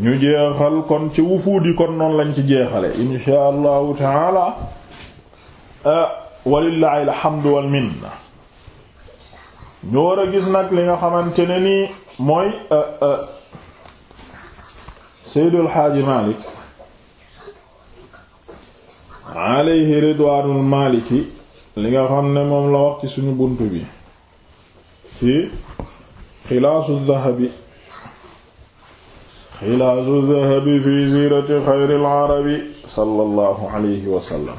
ñu jeexal kon ci wufuud yi kon noonu lañ ci jeexale insha allahu taala ah, walillahi alhamdu wal minna ñu war gis nag li nga xamante ne nii mooy ah, ah, Seydul Xaaji Maalik alayhi ridwaanul maaliki li nga xam ne moom la wax ci suñu bunt bi ci xilaasu dahabi xilaasu dahabi fi siirati xayril arabi sallallahu alayhi wa sallam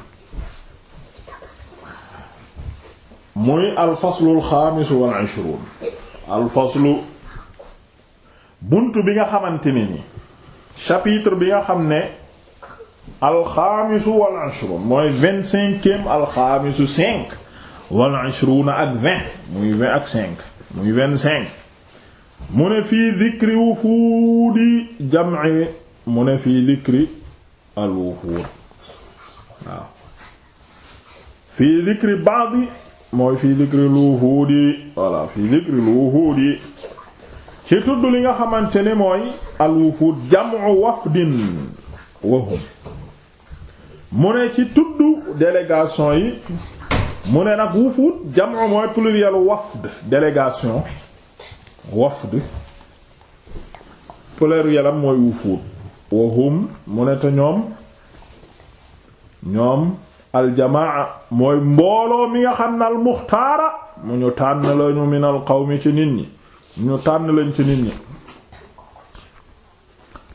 muy alfaslu alxaamis wal ishruun alfaslu bunt bi nga xamante ne ni chapitre bi nga xam ne alxaamisu wal ishruun mooy vingt-cinquième alxaamisu cinq wal ishruun ak vingt muy vingt ak cinq muy vingt-cinq mu ne fii dikri wufuudi jam'i mu ne fii dikri al wufuud waaw fii dikri ba'di mooy fii dikri al wufuudi voilà fii dikri al wufuudi ci tudd li nga xamante ne mooy al wufuud jam'u wafdin wa hum mu ne ci tudd délégation yi mu ne nag wufuud jam'u mooy pluriel wafd délégation wafd pluriel am mooy wufuud wahum mu ne te ñoom ñoom aljamaa mooy mbooloo mi nga xam ne al muxtaara mu ñu tànn lañu min al qawmi ci nit ñi ñu tànn lañ ci nit ñi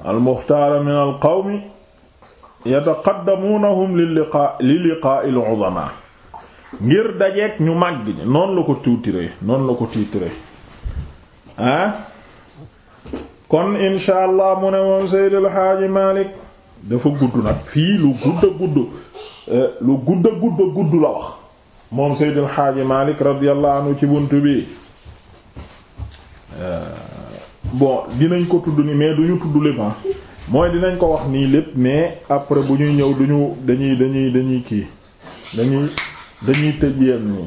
al muxtaara min al qawmi yataqaddamuunahum li liqaa li liqaa al uzamaa ngir dajeek ñu màgg ñi noonu la ko tiitre noonu la ko tiitre ah kon insha allah mu ne moom Seydi El Hadji Malick dafa gudd nag fii lu gudd gudd eh, lu gudd a gudd a gudd la wax moom Seydi El Hadji Malick radiyallahu anhu ci bunt bi eh, bon dinañ ko tudd ni mais duñu tudd lépp ah. mooy dinañ ko wax nii lépp mais après bu ñuy ñëw duñu dañuy dañuy dañuy kii dañuy dañuy tëj nii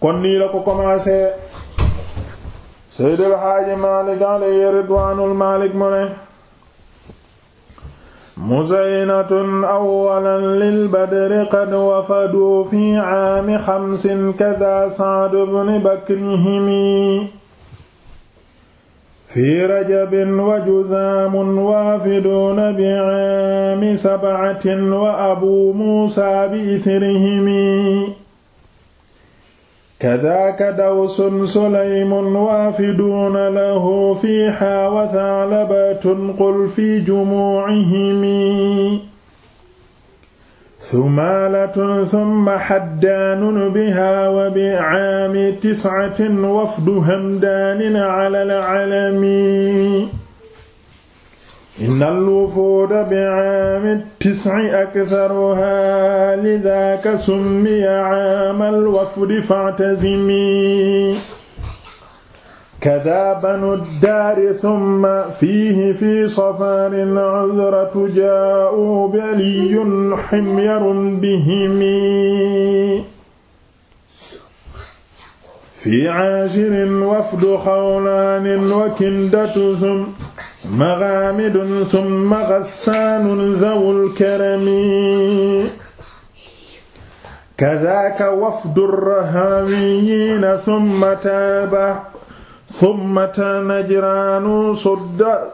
kon nii la ko commencé Seydil Haaji Maalik alayhi ridwaanul Maalik mu ne muzaynatun awwalan lil badri qad wafadu fi aami xamsin kadaa Sa'd ibn Bakrihimi fi rajabin wa juzaamun waafiduuna bi aami sab'atin wa abu Muusaa bi ithrihimi kadaaka dawsun sulaymun waafiduuna lahu fiihaa wa tha'labatun qul fi jumuu'ihim thumaalatun thumma haddaanun bihaa wa bi'aami tis'atin wafdu hamdaanin 'alal 'alami innal wufuuda bi aami tis'i aktharuhaa lidhaaka summiya aamal wafdi fa'tazimi kadhaa banu daari thumma fiihi fii safarin 'uzratu jaa'uu bi aliyyun himyarun bihimi fii 'aashirin wafdu khawlaanin wa kindatun maghamidun thumma ghassanun dhawul karami kadhaaka wafdu rahaawiyyiina thumma taaba thumma najraanu sudda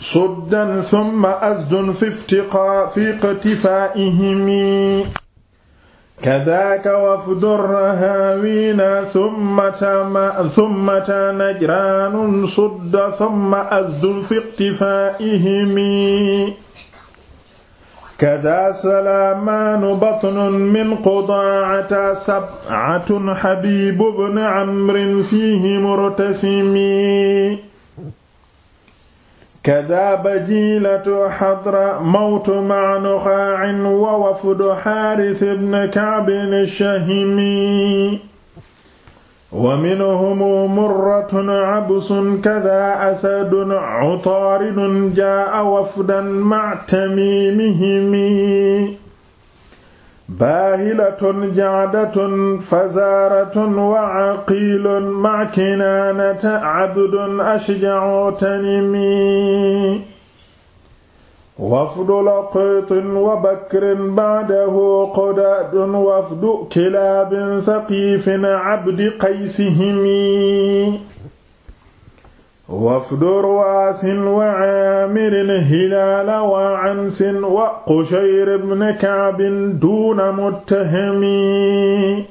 suddan thumma asdun fi iftiqaa fi iqtifaa'ihim kadaaka wafdu rahaawiina summa najraanun sudda summa asdun fi iqtifaa'ihimi kadaa salaamaanu batnun min qudaa'ata sab'atun habiibu bnu amrin fiihi murtasimi kadaaba jiilatu xadra mawtu maanuxaain wa wafdu xaaris ibn kaabin shahimi wa minhumu murratun cabsun kada asadun utaaridun jaa wafdan ma tamimihimi baahilatun jacdatun fazaaratun wa caqiilun mac kinaanata cabdun ashjacu tanimi wafdu laqaytin wa bakrin bacdahu qudadun wafdu kilaabin saqiifin cabdi qaysihimi wafdu ruwaasin wa aamirin hilaala wa ansin wa qushayr ibn kaabin duuna muttahimi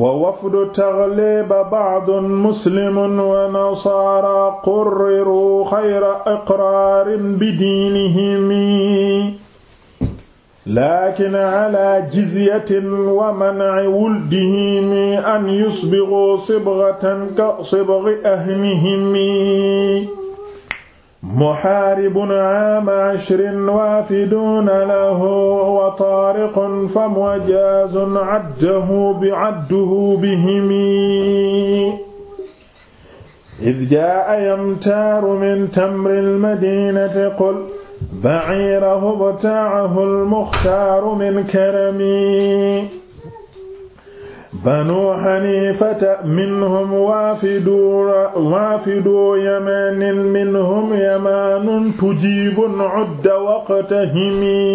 wa wafdu tagliba bacdun muslimun wa nasaara qurriruu xayra iqraarin bidiinihimi lakin ala jizyatin wa man'i wuldihi mi an yusbighu sibghatan ka sibghi ahmihimi muhaaribun aama ashrin waafidun lahu wa taariqun fa mujaazun caddahu bi cadduhu bihimi idh jaa'a yamtaaru min tamri al-madiinati qul ba'iirahu btaahu almuxtaaru min karami banu xaniifata minhum waafidu waafidu yamanin minhum yamanun tujibun udda waqtahimi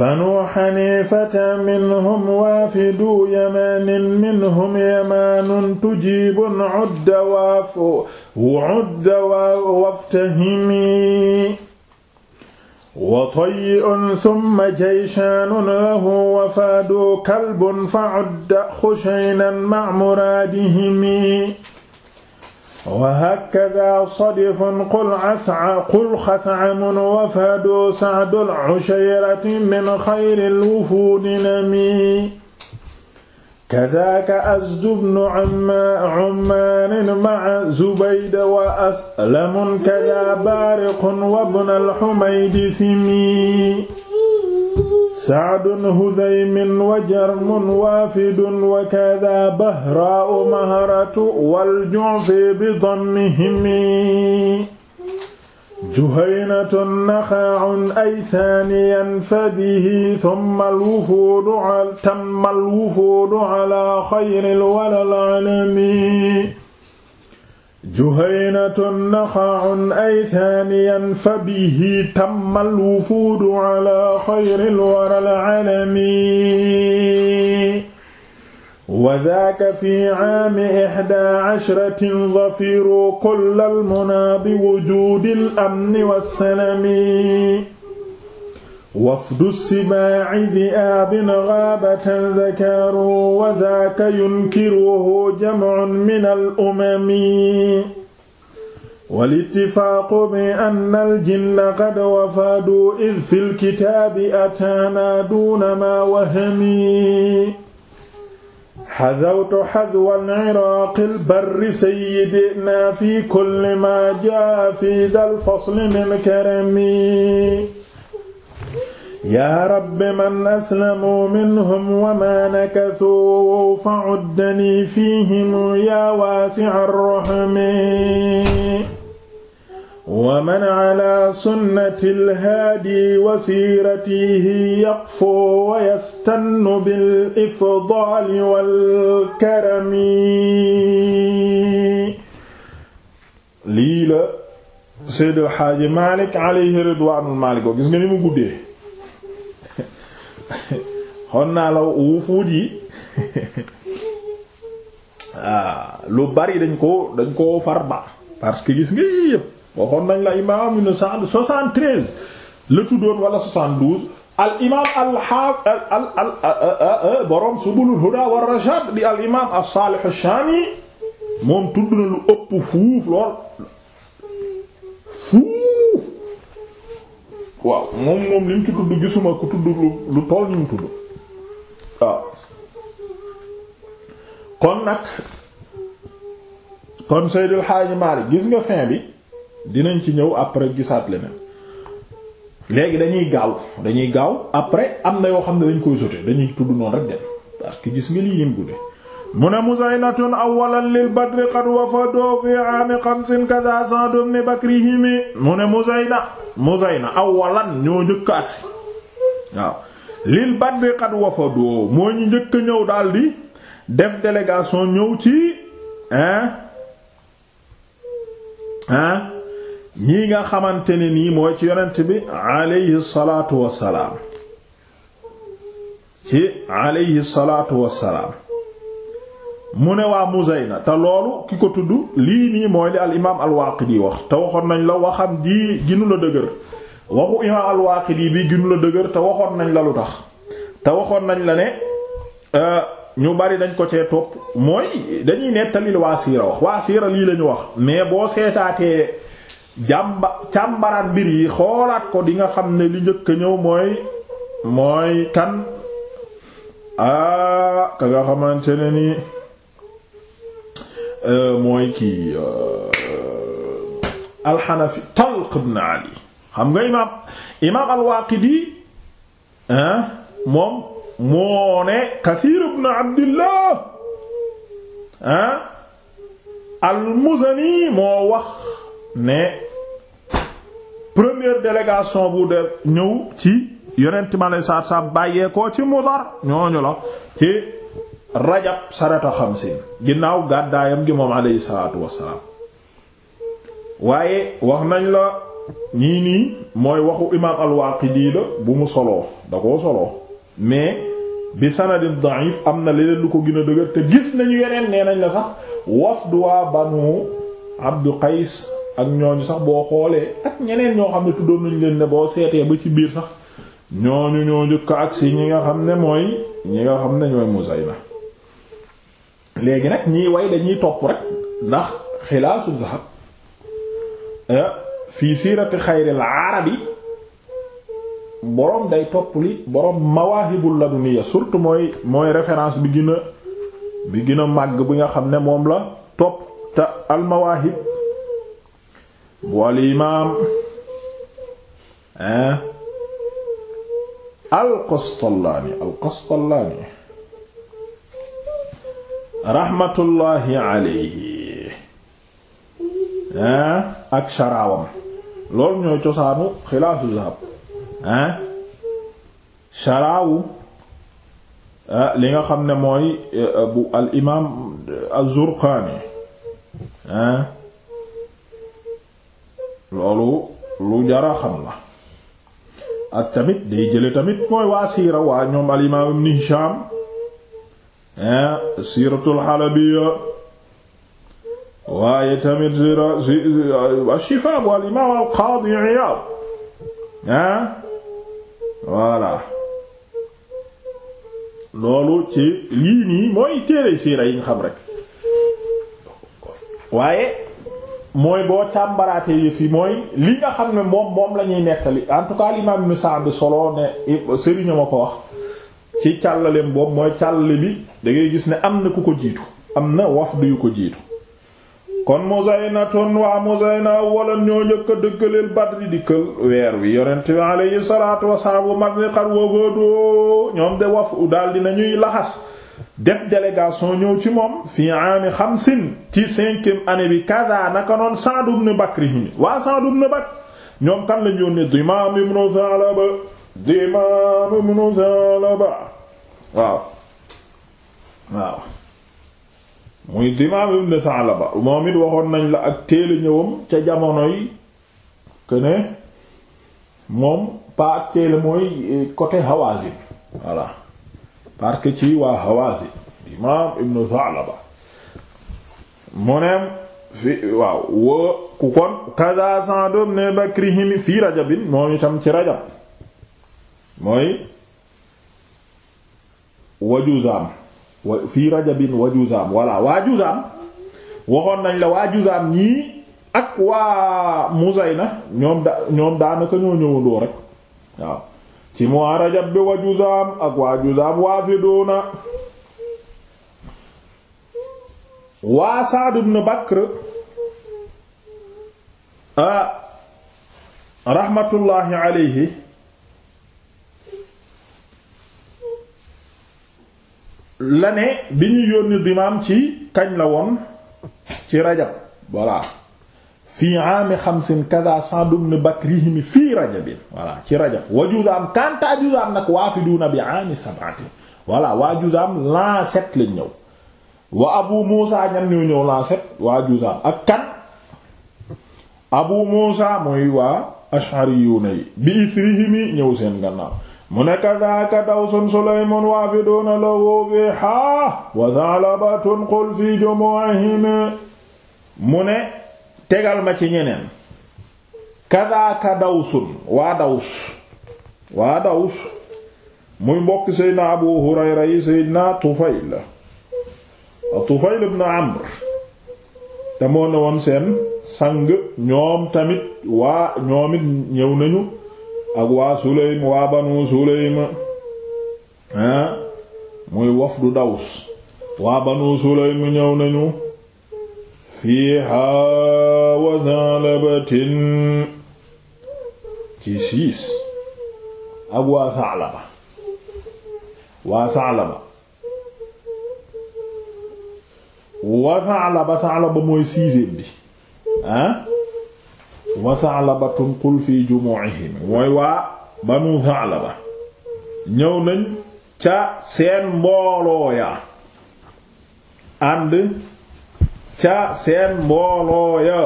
banu xaniifata minhum waafidu yamanin minhum yamanun tujibun udda waafu wa'udda waftahimi wa tay'un thumma jayshanun lahu wafaadu kalbun fa'udda khushaynan ma'a muraadihimi wa hakadha sadifun qul as'a qul khas'amun wafaadu sa'dul 'ushayrati min khayril wufuudi nami kadaaka asdu bnu ummaanin maca zubayda wa aslamun kada baariqun wa bnal xumaydi simi sacdun hudaymin wa jarmun waafidun wa kada bahraa'u mahratu wal jucfi bi dammihimi juhaynatun naxaacun ay saaniyan fa bihi summa alwufuudu tamma alwufuudu ala xayril walal alami juhaynatun naxaacun ay saaniyan fa bihi tamma alwufuudu ala xayril walal alami wa daaka fi aami ihdaa ashratin zafiru kullal munaa bi wujuudil amni wassalami wafdu sibaa'i di'aabin ghaabatan dhakaru wa daaka yunkiruhu jam'un minal umami walittifaaqu bi annal jinna qad wafaadu id fil kitaabi ataanaa duuna maa wahami xadawtu xadwal iraaqil barri sayyidinaa fi kulli maa jaa fi dal fasli min karami yaa rabbi man aslamu minhum wa maa nakasuu fa uddanii fiihim yaa waasi'ar rahmi wa man ala sunnati alhaadi wa siiratihi yaqfu wa yastannu bil ifdaali wal karami lii la Seydi El Hadji Malick alayhi ridwaanul mu guddee xon naa la yi ah, lu bari dañ ko dañ parce que gis waxoon nañ la imaam ibn Sa'd 73 la tuddoon wala 72 al imaam al haaf al al huda war rashad di al imaam as shami moom tudd na lu ëpp fuuf lool fuuf waaw moom moom li mu ci tudd gisuma ku tudd lu toll ni mu tudd kon nag kon Seydil Haaji Maalik gis nga fin bi. dinañ ci ñëw après gisaat leneen léegi dañuy gaaw dañuy gaaw après am na yoo xam ne dañ koy sote dañuy tudd noonu rek dem parce que gis ngi lii lim gudde mu ne muzaynatun awalan lil badri qad wafadoo fi aami xamsin kada Sa'd ibn bakrihimi mu ne muzayna muzayna awalan ñoo njëkk agsi waaw lil badri qad wafadoo moo ñu njëkk ñëw daldi def délégation ñëw ci hein hein ñii nga xamante ne nii mooy ci yonent bi alayhi salaatu wassalaam ci alayhi salaatu wassalaam mu ne waa Muzayna te loolu ki ko tudd lii nii mooy li al imaam al-Waaqidi wax te waxoon nañ la waxam ji ginu la dëgër waxu imaam al-Waaqidi bi ginu dëgër te waxoon nañ la lu tax te waxoon nañ la ne euh, ñu bari dañ ko cee topp mooy dañuy nettali waa siira wax waa siira lii lañu wax mais boo seetaatee jàmba càmbaraat mbir yi xoolaat ko di nga xam ne lu njëkk ñëw mooy mooy kan a ah, ka nga xamante ne ni euh, mooy kii euh, alxanafi Talq ibn Ali xam nga imaam imaam al moom moo ne Kasiir ibn Abdillah al moo wax ne première délégation bu def ñëw ci yonent ma lay saa saa bàyyee koo ci Mudar ñooñu la ci rajab xam xamsin ginnaaw gàddaayam gi moom alayhi salaatu wassalaam waaye wax nañ la ñii nii mooy waxu imaam al-Waaqidi bu mu soloo da koo soloo mais bi sanadin da'if am na leneen lu ko gina a dëgër te gis nañu yeneen nee nañ la sax du waa banu Abdu Qays ak ñooñu sax boo xoolee ak ñeneen ñoo xam ne tuddoon nañ leen boo seetee ba ci biir sax ñooñu ñoo njëkk agsi ñi nga xam ne mooy ñi nga xam ne ñooy Muzayna léegi nag ñii way dañuy topp rek ndax xilaasu zahab eh, fii siirati xayril arabi boroom day topp li boroom mawaahibul laduniya surtout mooy mooy référence bi gën a bi gën a màgg bi nga xam ne moom la topp te al mawaahib bu al imaam hein al Qastallaani al Qastallaani raxmatullaahi alayhi ak sharaawam loolu ñooy cosaanu xilaasu zahab hein sharaawu ah, li nga xam ne mooy eh, bu al imaam eh, loolu lu jara la ak tamit day jële tamit mooy waa siira waa ñoom al imaam ibn Hisham siiratul Halabiyya waaye tamit siira si Ash-Shifaa bu al imaam al loolu ci lii nii mooy téere siira yi nga xam waaye mooy boo càmbaraatee yëf yi mooy li nga xam ne moom moom la ñuy nettali en tout cas l'imam Ibn Sa'd solo ne sëriña ma ko wax ci càllaleem boobu mooy càllale bi dangay gis ne am na ku ko jiitu am na wafdu yu ko jiitu kon Muzaynatun waa Muzayna walan ñoo njëkk a dëggaleel Badri dikkal weer wi yonent bi alayhi salaatu wasalaam bu mag ni xar wafadoo ñoom de waf daal dina ñuy laxas def délégation ñëw ci moom fii aami xamsin ci cinquième année bi kada naka noon Sa'd ibn Bakr himi waa Sa'd ibn Bakr ñoom kan lañ yónnee Dimaam ibn Salaba Dimaam ibn Salaba waaw waaw muy Dimaam ibn Salaba moom it waxoon nañ la ak téele ñëwam ca jamono yi que moom pas ak téele mooy côté Hawazin voilà parce que ci waa Hawaazin imaam Ibn Tha'laba mu ne fi waaw woo ku kon kaza Sa'd ibn Bakrihim fii Rajabin moom itam ci Rajab mooy wa Juzaam wa fii Rajabin wa Juzaam voilà waa Juzaam waxoon nañ la waa ñii ak waa Muzayna ñoom daanaka ñoo ñëwandoo rek waaw ci mois rajab bi wa juzaam ak waa juzaam waafiduuna waa Saad ibn Bakr raxmatullaahi alayhi la ne bi ñu yónni dimaam ci kañ la woon ci rajab voilà fi aami xamsin kada Sa'd ibn Bakrihim fii rajabin voilà ci rajab wa Juzaam Juzaam nag waafiduuna bi aami sab'atin voilà waa Juzaam l'an ñëw wa Abu Muusa ñan ñoo ñëw l'an sept ak kan Abu Muusa mooy waa Ash'ariyuuna yi bi ithrihimi ñëw seen gannaaw mu ne kadaka Dawsun Sulaymun waafiduuna lahu fiihaa wa Tha'labatun qul fii jumu'ihim mu ne tegal ma ci ñeneen kadaaka dawsun waa daws waa daws muy mbokk seydna abu hurayra yi seydna tufayl tufayl ibn amr te moo ne woon seen sang ñoom tamit waa ñoomit ñëw nañu ak waa suleym waa banu suleym hein muy wafdu daws waa banu suleym ñëw nañu fiihaa wa Tha'labatin ci siis ak waa Tha'laba wa Tha'laba Tha'laba mooy sixième bi ah wa Tha'labatun qul fi jumu'ihim mooy waa Banu Tha'laba ñëw nañ ca seen mbooloo ya ànd ca seen mbooloo ya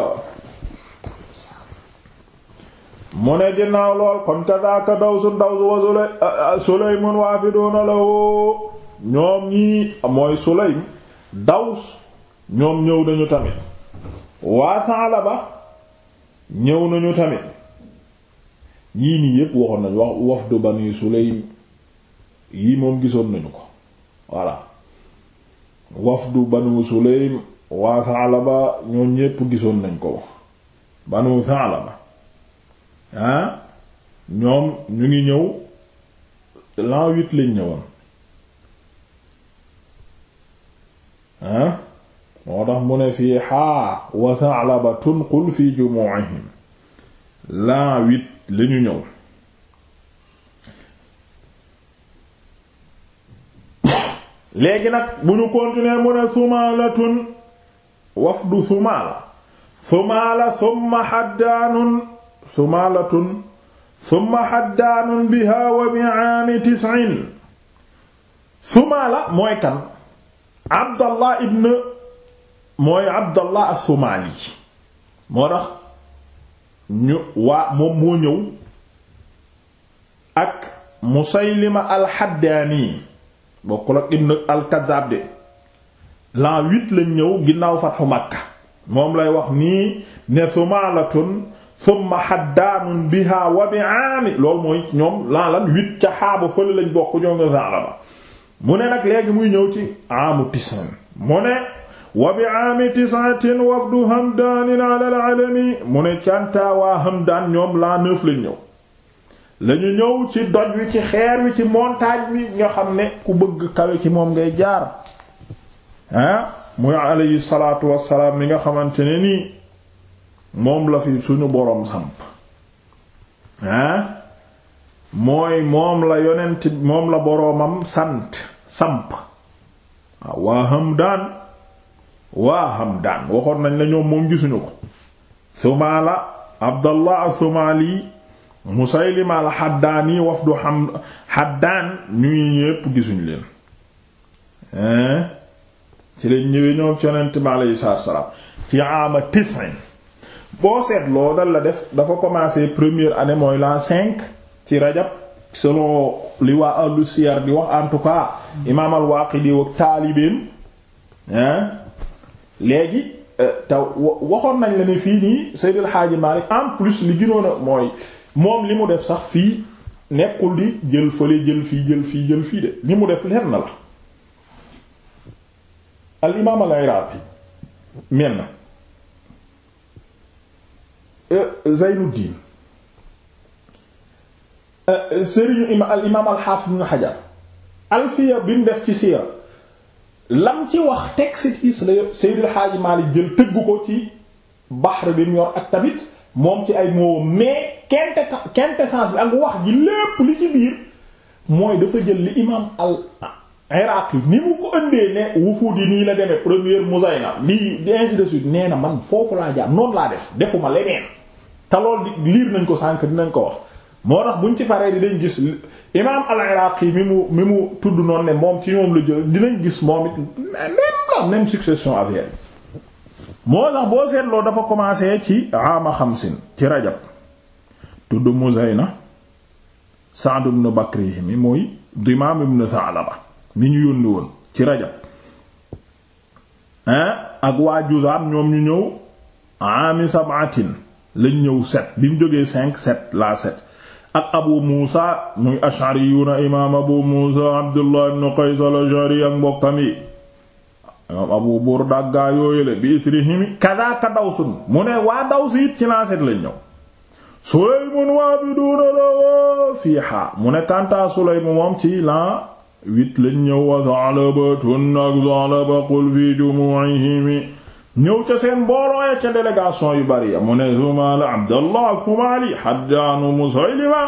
mu ne ginnaaw lool kon kadaka dawsu dawsu wa sulaymun waafiduuna lahu ñoom ñii mooy sulaym daws ñoom ñëw nañu tamit waa Saalaba ñëw nañu tamit yii nii yépp waxoon nañu wax wafdu bani sulaym yii moom gisoon nañu ko voilà wafdu banu sulaym waa Saalaba ñoom ñépp gisoon nañ ko banu Saalaba ah ñoom ñu ngi ñëw l'an huit lañ ñëwoon ah moo tax mu ne fii xaa wa Saalaba tunqul fi jumu'ihim l'an huit lañu ñëw léegi nag bu ñu continuer mu ne sumalatun wafdu Sumaala Sumaala summa xaddaanun Sumaalatun summa xaddaanun biha wa Sumaala mooy kan Abdallah ibn mooy Abdallah as-Sumaali moo tax ñu waa moom moo ñëw ak Musaylima al-Haddaani bokkul ak ibn al-Kaddaab l'an huit lañ ñëw ginnaaw fatxu Makka moom lay wax nii ne sumaalatun summa xaddaanun biha wa bi'aami loolu mooy ñoom lan lan huit ca xaaba fële lañ bokk ñoom ñoo saala ba mu ne nag léegi muy ñëw ci amu tisan mu ne wa bi'aami tisaatin wafdu hamdaanin ala al-alami mu ne canta waa hamdaan ñoom l'an neuf lañ ñëw lañu ñëw ci doj wi ci xeer wi ci montagne wi nga xam ne ku bëgg kawe ci moom ngay jaar ah muy alayhi salaatu wassalaam mi nga xamante ne nii moom la fi suñu boroom samp ah mooy moom la yonent moom la boroomam sant samp waaw ah, waa Hamdaan waa Hamdaan waxoon nañ la ñoom moom gisuñu ko Sumaala Abdallah as-Sumaali Musaylima al-Haddaani wafdu Haddaan ñuy ñépp gisuñu leen ci lañ ñëwee ñoom ci yonent bi aleyhi salaatu salaam ci ama tisin boo seetloo dal la def dafa commencé première année mooy l'an cinq ci rajab selon li waa ahlu siyar di wax en tout cas imaam al-Waaqidi wa taalibeem hein léegi euh, te waxoon nañ la ne fii nii Seydil Hadji Malick en plus li gënoon a mooy moom li mu def sax fii nekkul di jël fële jël fii jël fii jël fii de li mu def leer na la al imaam al iraaqi menn Zeynuddin alfiya bi mu def ci siira lam ci wax texte is la Seydil Haaji Maalik jël tëggu ko ci baxr bi mu yor ak tamit moom ci ay moowam mais quinte quintessence bi ak wax ji lépp li ci biir mooy dafa jël li imaam al iraq yi ni mu ko ëndee ne wufuud yi nii la demee première Muzayna lii ainsi de suite nee na man foofu laa jaar noonu laa def defuma leneen te loolu lii nañ ko sànk dinañ ko wax moo tax buñ ci pare dinañ gis imaam al-Iraqi mi mu mi mu tudd noonu ne moom ci moom la jël dinañ gis moom it même la même succession boo seetloo dafa commencé ci xam xamsin ci rajab tudd Muzayna Sa'd ibn Bakr mi mooy Dimaam ibn Tha'laba mi ñu yónni woon ci rajab ak waa juzaam ñoom ñu ñëw ami lañ ñëw set bi mu jógee cinq set ak abu muusa muy ashariyuna imaam abu muusa abdullah ibn qays al-ashari ak mbokkam imaam abu burda ak gaa yooyule bi isrihimi kadaaka dawsun mu ne waa daws ci la set lañ ñëw sulaymun waa bi duuna la fiiha mu ne kantaa sulaymu moom ci la huit lañ ñëw wa Tha'labatun ak Tha'laba qul fi jumu'ihim ñëw ca seen mbooloo ca délégation yu bari ya mu ne Sumaala Abdallah Sumaali Haddaanu Musaylima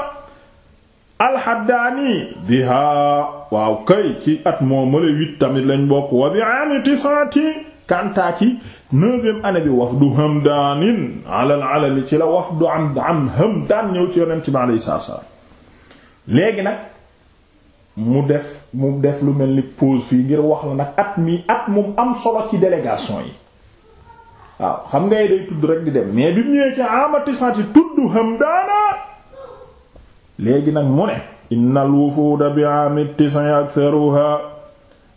alxaddaani biha waaw kay ci at moo mala huit tamit lañ bokk wa bi aami tisanti kantaa ci neuvième année bi wafdu hamdaanin alal alali ci la wafdu am am hamdaan ñëw ci yonent bi alayhi salaam léegi nag mu def mu def lu mel ni pause fii ngir wax la nag at mi at mu am solo ci délégation yi waaw xam ngay day tudd rek di dem mais bi mu ñëwee ci amati santi tudd Hamdaana léegi nag mu ne innal wufuda bi amit tisan aktharuha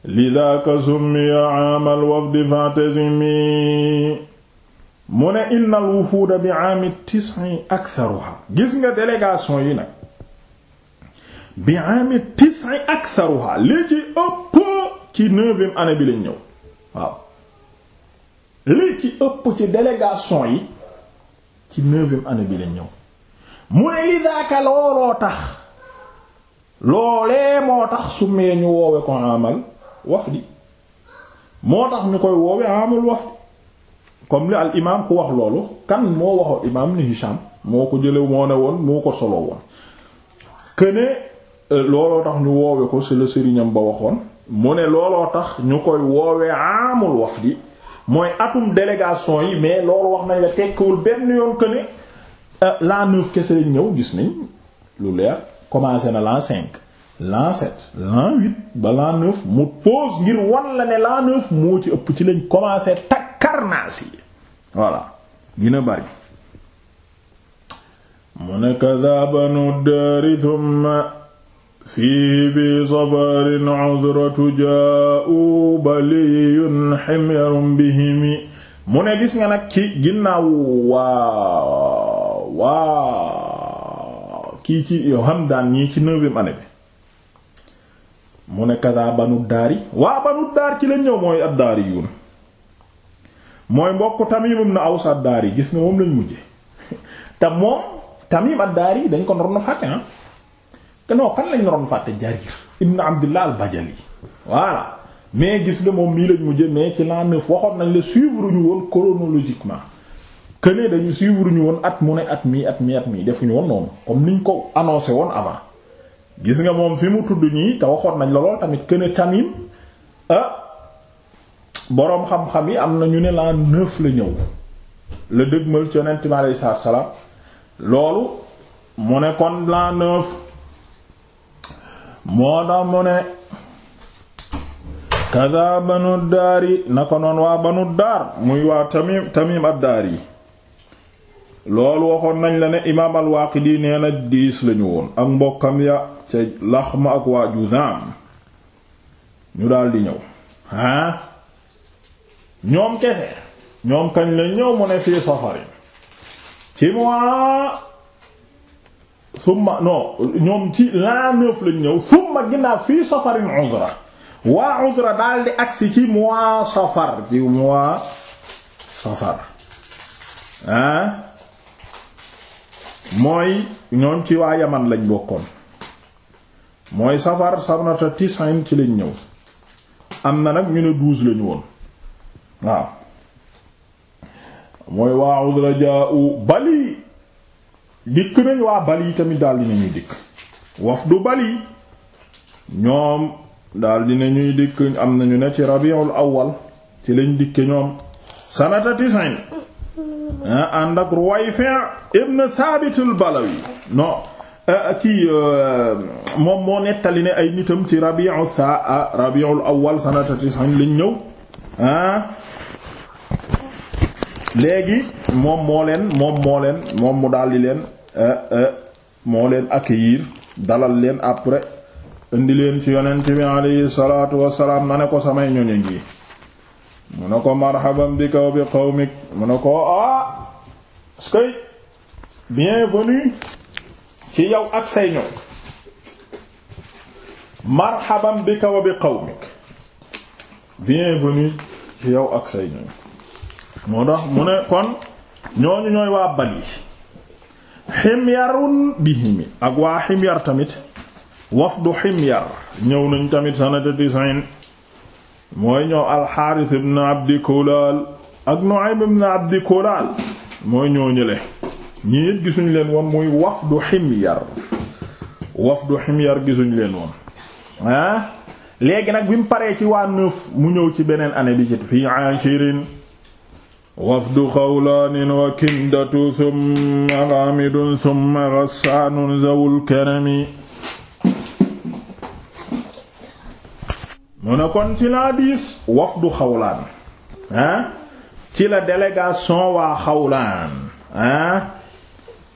lidaka summiya amal wafdi fantasimi mu ne innal wufuda bi amit tisan aktharuha gis nga délégation yi nag bi ami tis'i aktharuha li ci ëpp ci neuvième année bi lañ ñëw waaw li ci ëpp ci délégation yi ci neuvième année bi lañ ñëw mu ne li daaka looloo tax loolee moo tax su ñu woowe ko amal wafdi moo tax ñu koy woowe amal wafdi comme li al imaam ku wax loolu kan moo waxoon imaam ni Hisham moo ko jële moo ne woon moo ko solo woon këne Euh, looloo tax ñu woowe ko ci la sëriñam ba waxoon mu ne looloo tax ñu koy woowee amul wafdi mooy atum délégation yi mais loolu wax nañ la tekkiwul benn yoon que ne euh, l'an neuf kese lañ ñëw gis nañ lu leer commencé na l'an cinq l'an sept l'an ba l'an neuf mu pause ngir wan la ne l'an neuf moo ci ëpp ci lañ commencé takkarnaas yi voilà gën bari mu ne kadha banu fii bi safarin gis nga nag ci ginnaaw waa waa kii ci Hamdaan ñii ci neuvième année bi mu ne kadaa banu daari waa banu daar ci lañ ñëw mooy addaariyuun mooy mbokk Tamim ibn Aws addaari gis nga moom lañ mujje te moom Tamim addaari dañ ko nar na non kan lañ doon fàtte Jarir ibn Abdullah al-Bajali voilà mais gis nga moom mii lañu mujjee mais ci l'an neuf waxoon nañ la suivre ñu woon chronologiquement que dañu suivre ñu woon at mu ne at mii at mii at mii defuñu woon noonu comme niñ ko annoncé woon avant gis nga moom fi mu tudd ñii te waxoon nañ la lool tamit que ne Tamim ah, boroom xam-xam yi am na ñu ne l'an neuf la ñëw la dëgmal ci yonent bi salaam loolu mu ne kon l'an moo tax mu ne kada banu daari na ko waa banu daar muy waa tamim tamim addaar yi loolu waxoon nañ la ne imaam al-Waaqidi nee na diis lañu woon ak mbokkam ya ca Laxma ak waa Juzaam ñu daldi ñëw ah ñoom kese ñoom kañ la ñëw mu ne fii safarin ci mois summa non ñoom ci l'an neuf lañ ñëw summa ginnaaw fii safarin udra waa udra daal di agsi ci mois safar ci mois safar ah mooy ñoom ci waa yaman lañ bokkoon mooy safar sanata tisin ci lañ ñëw am na nag ñu ne douze lañu woon waaw mooy waa udra jaa'u bali dikk nañ waa Bali tamit daal dinañuy dikk du Bali ñoom daal dinañuy dikk am nañu ne ci rabiul awwal ci lañ dikke ñoom sanata tisin ah, ànd ak Ruwayfi' ibn Thabit balawi non eh, kii eh, moom moo nettali ne ay nitam ci rabiu saa ah, rabiul awwal sanata tisin lañ ñëw ah. léegi moom moo leen moom moo leen moom mu daldi leen eh, eh, moo leen accueillir dalal leen après indi leen ci yonent bi alayhi salaatu wassalaam na ne ko samay ñoño ngi mu ne ko marhaban bi kaw bi qawmik mu ne ko ah skay bienvenue ci yow ak say ñoñ marhaban bika wa bi qawmik bienvenue ci yow ak say ñoñ moo tax mu ne kon ñooñu ñooy waa bal yi ximyarun bihimi ak waa ximyar tamit wafdu ximyar ñëw nañ tamit sanata tisin mooy ñoo alxaaris ibn abdi kolaal ak nu'aym ibn abdi kolaal mooy ñoo ñële ñii it gisuñu leen woon muy wafdu ximyar wafdu ximyar gisuñu leen woon ah nag bi mu paree ci waa neuf mu ñëw ci beneen année bi ci fii anchirin wafdu xawlaanin wa kindatu summa xaamidun summa xassaanun zawul karami mu ne kon ci laa diis wafdu xawlaan ah ci la délégation waa xawlaan ah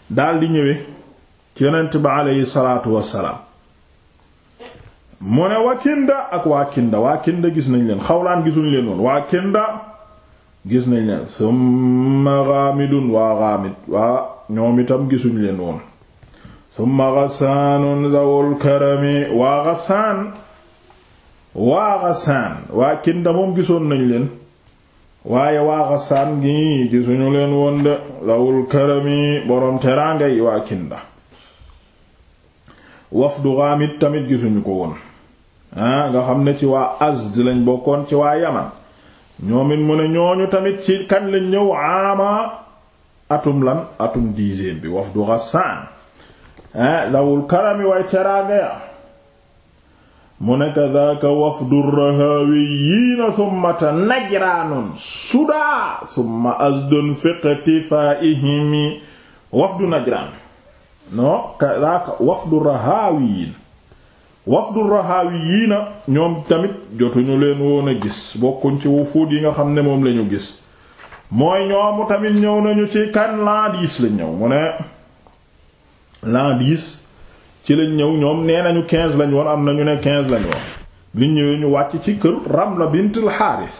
daal di ñëwee ci yonent ba aleyhi wassalaam mu ne waa kinda ak waa kinda waa kinda gis nañ leen xawlaan gisuñ leen woon waa kinda gis nañ ne summa waa ghamid waa ñoom itam gisuñ leen woon summa ghassanun zawul waa ghassan waa ghassan waa kinda moom gisoon nañ leen waaye waa ghassan gi gisuñu leen woon de zawul karami boroom teraanga yi waa kinda wafdu ghamid tamit gisuñu ko woon ah, nga xam ne ci waa azd lañ bokkoon ci waa yaman ñoomit mu ne ñooñu tamit ci kan lañ ñëw aama atum lan atum dixième bi wafdu Ghassan lawul karami way caraanga ya mu ne kadhaaka wafdu rahawiyyiina thumma najraanun sudaa thumma asdun fiqtifaa'ihim wafdu najraan no kadhaaka wafdu rahawiyyiin yii na ñoom tamit jotuñu leen woon a gis bokkuñ ci fuut yi nga xam ne moom lañu gis mooy ñoomu tamit ñëw nañu ci kan l'an lañ ñëw mu ne l'an ci lañ ñëw ñoom nee nañu lañ woon am nañu ne quinze lañ woon biñ ñëwee ñu wàcc ci kër Ramla bint Haaris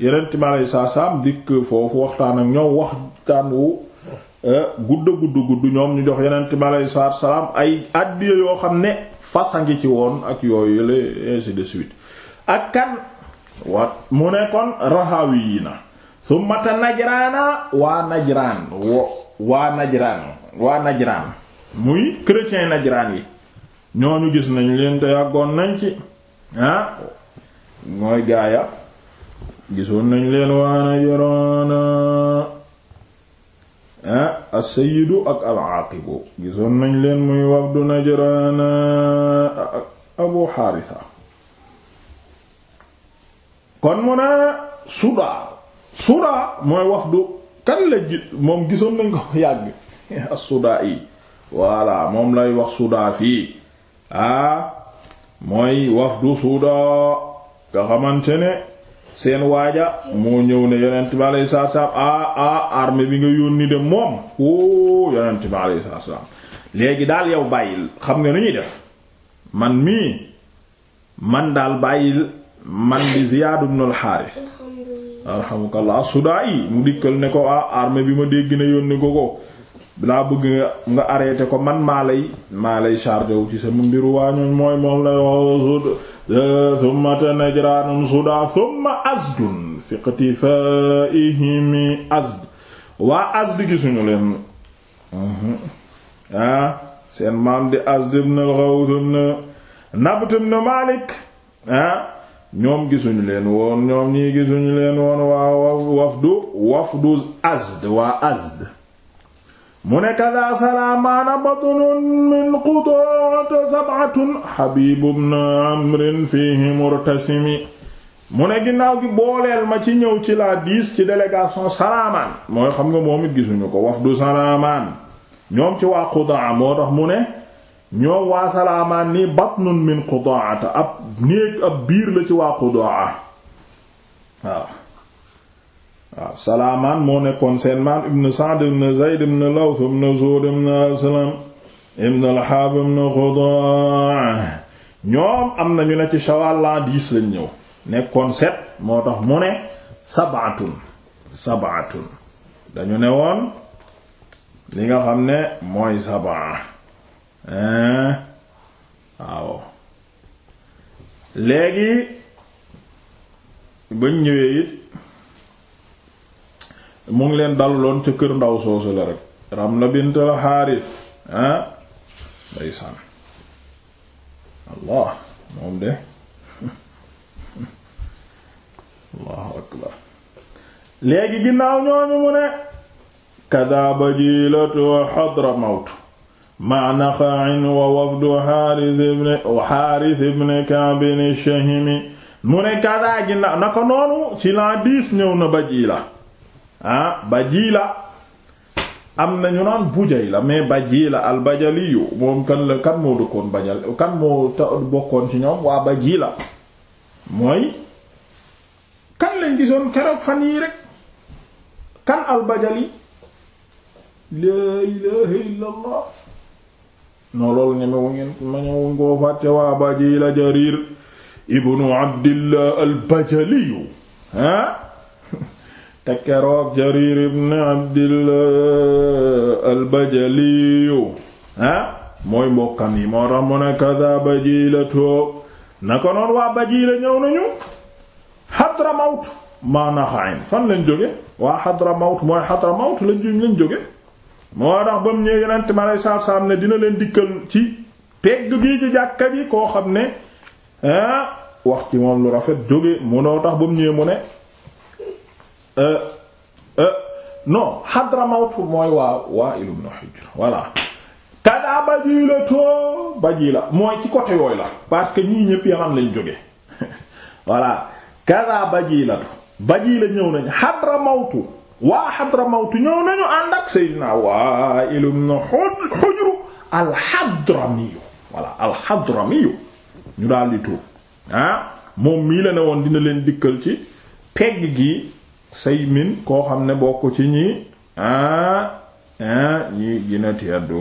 yeneen mi aleyisaaat salaam dikk foofu waxtaan ak ñoom waxtaan wu gudd euh, gudd gudd ñoom ñu jox yonent bi aleyhi salaam ay àddiya yoo xam ne fas a ngi ci woon ak yooyu la ainsi de suite ak kan wa mu ne kon yi na summata najraana waa najraan wo waa najraan waa najraan muy chrétien najraan yi ñooñu gis nañ leen te yàggoon nañ ci ah mooy gaaya gisoon nañ leen waa najraana Ah, as-sayyidu ak al-aaqibu gisoon nañ leen muy wafdu Najraan Abu Haarisa kon mu ne Sudaa Sudaa mooy wafdu kan la ji moom gisoon nañ ko yàgg as-Sudaa yi voilà moom lay wax Sudaa fii ah mooy wafdu Sudaa nga xamante ne seen waaja moo ñëw ne yonent bi alayhi salaatu salaam ah ah armée bi nga yónni de moom o yonent bi alayhi salaatu salaam léegi daal yow bàyyil xam nga nu ñuy def man mii man daal bàyyil man di Ziyaad ibn al-Haaris arhamukallah Sudaai mu dikkal ne ko ah armée bi ma dégg na yónni ko ko laa bëgg nga nga ko man maa lay maa lay chargé wu ci mbiru waa ñoom mooy moom la yo thumma najranun suda thumma asdun fi iqtifaihim asd waa asd gisuñu leen mhm. ah, seen maam di asd ibn al-Ghawth Nabt ibn Malik ah ñoom gisuñu leen woon ñoom ñii gisuñu leen woon waa wafdu wafdu asd waa asd mu ne kada salaamaana batunun min qudoota sabatun xabibu bna amrin fihi murtasimi mu ne ginnaaw gi booleel ma ci ñëw ci la diis ci délégation salaamaan mooy xam nga moom it gisuñu ko wafdu salaamaan ñoom ci waa qudaa moo tax mu ne ñoom waa salaamaan nii batnun min qudaata ab néeg ab biir la ci waa qudaa waaw waaw salaamaan moo nekkoon seen maam ibn Sa'd ibn Zayd ibn Lawth ibn Zuhd ibn Aslam ibn al-Hab ibn ñoom am na ñu ne ci Shawwal lan dix lañ ñëw nekkoon set moo tax mu ne sabaatun sabaatun dañu ne woon li nga xam ne mooy sabaa waaw léegi bañ ñëwee it mu ngi leen dalaloon ca kër ndaw soosu la rek Ramla bint al Haaris ah ndeysaan allah moom de allahu akbar léegi ginnaaw ñooñu mu ne kada bajilatu Hadramawt ma naqa'in wa wafdu Haaris ibn Haaris ibn Ka'b shahimi mu ne kada ginnaaw naka noonu ci la diis ñëw na bajila ah Bajila am na ñu naan Bujayla mais Bajila al Bajaliyu moom kan la kan moo dëkkoon Bajal kan moo bokkoon ci ñoom waa la mooy kan lañ gisoon keroog fan yii rek kan al Bajali laa ilaaha illallah non loolu ñemewu ngeen ma ñewu ngoo fàtte waa Bajila Jarir ibnu Abdillah al Bajaliyu ah te keroog jarir ibn abdillah eh, albajaliyu ah, mooy mbokkam yi moo tax mu ne kada bajilatoo naka noonu waa bajila ñëw nañu Hadramawt maa naxain fan lañ jóge waa Hadramawt mooy Hadramawt lañ juñ lañ jóge moo tax ba mu ñëw ma lay saaf saaf ne dina leen dikkal ci pegg gii ci jàkka ji koo xam ne ah, wax ci moom lu rafet jóge munoo tax ba mu mu ne Euh, euh, non Hadramawt mooy waa Wa'il ibn Hujr voilà kada Bajiila Bajiila mooy ci côté yooyu la parce que ñii ñëpp Yaman lañ jóge voilà kada Bajiila Bajiila ñëw nañ Hadramawt waa Hadramawt ñëw nañu ànd ak Seydina Wa'il ibn Hujr al-Hadramiyu voilà al-Hadramiyu ñu daal di ah moom mii la ne woon dina leen dikkal ci pegg gi saymin koo xam ne bokk ci ñi ah ah ñi gina teddu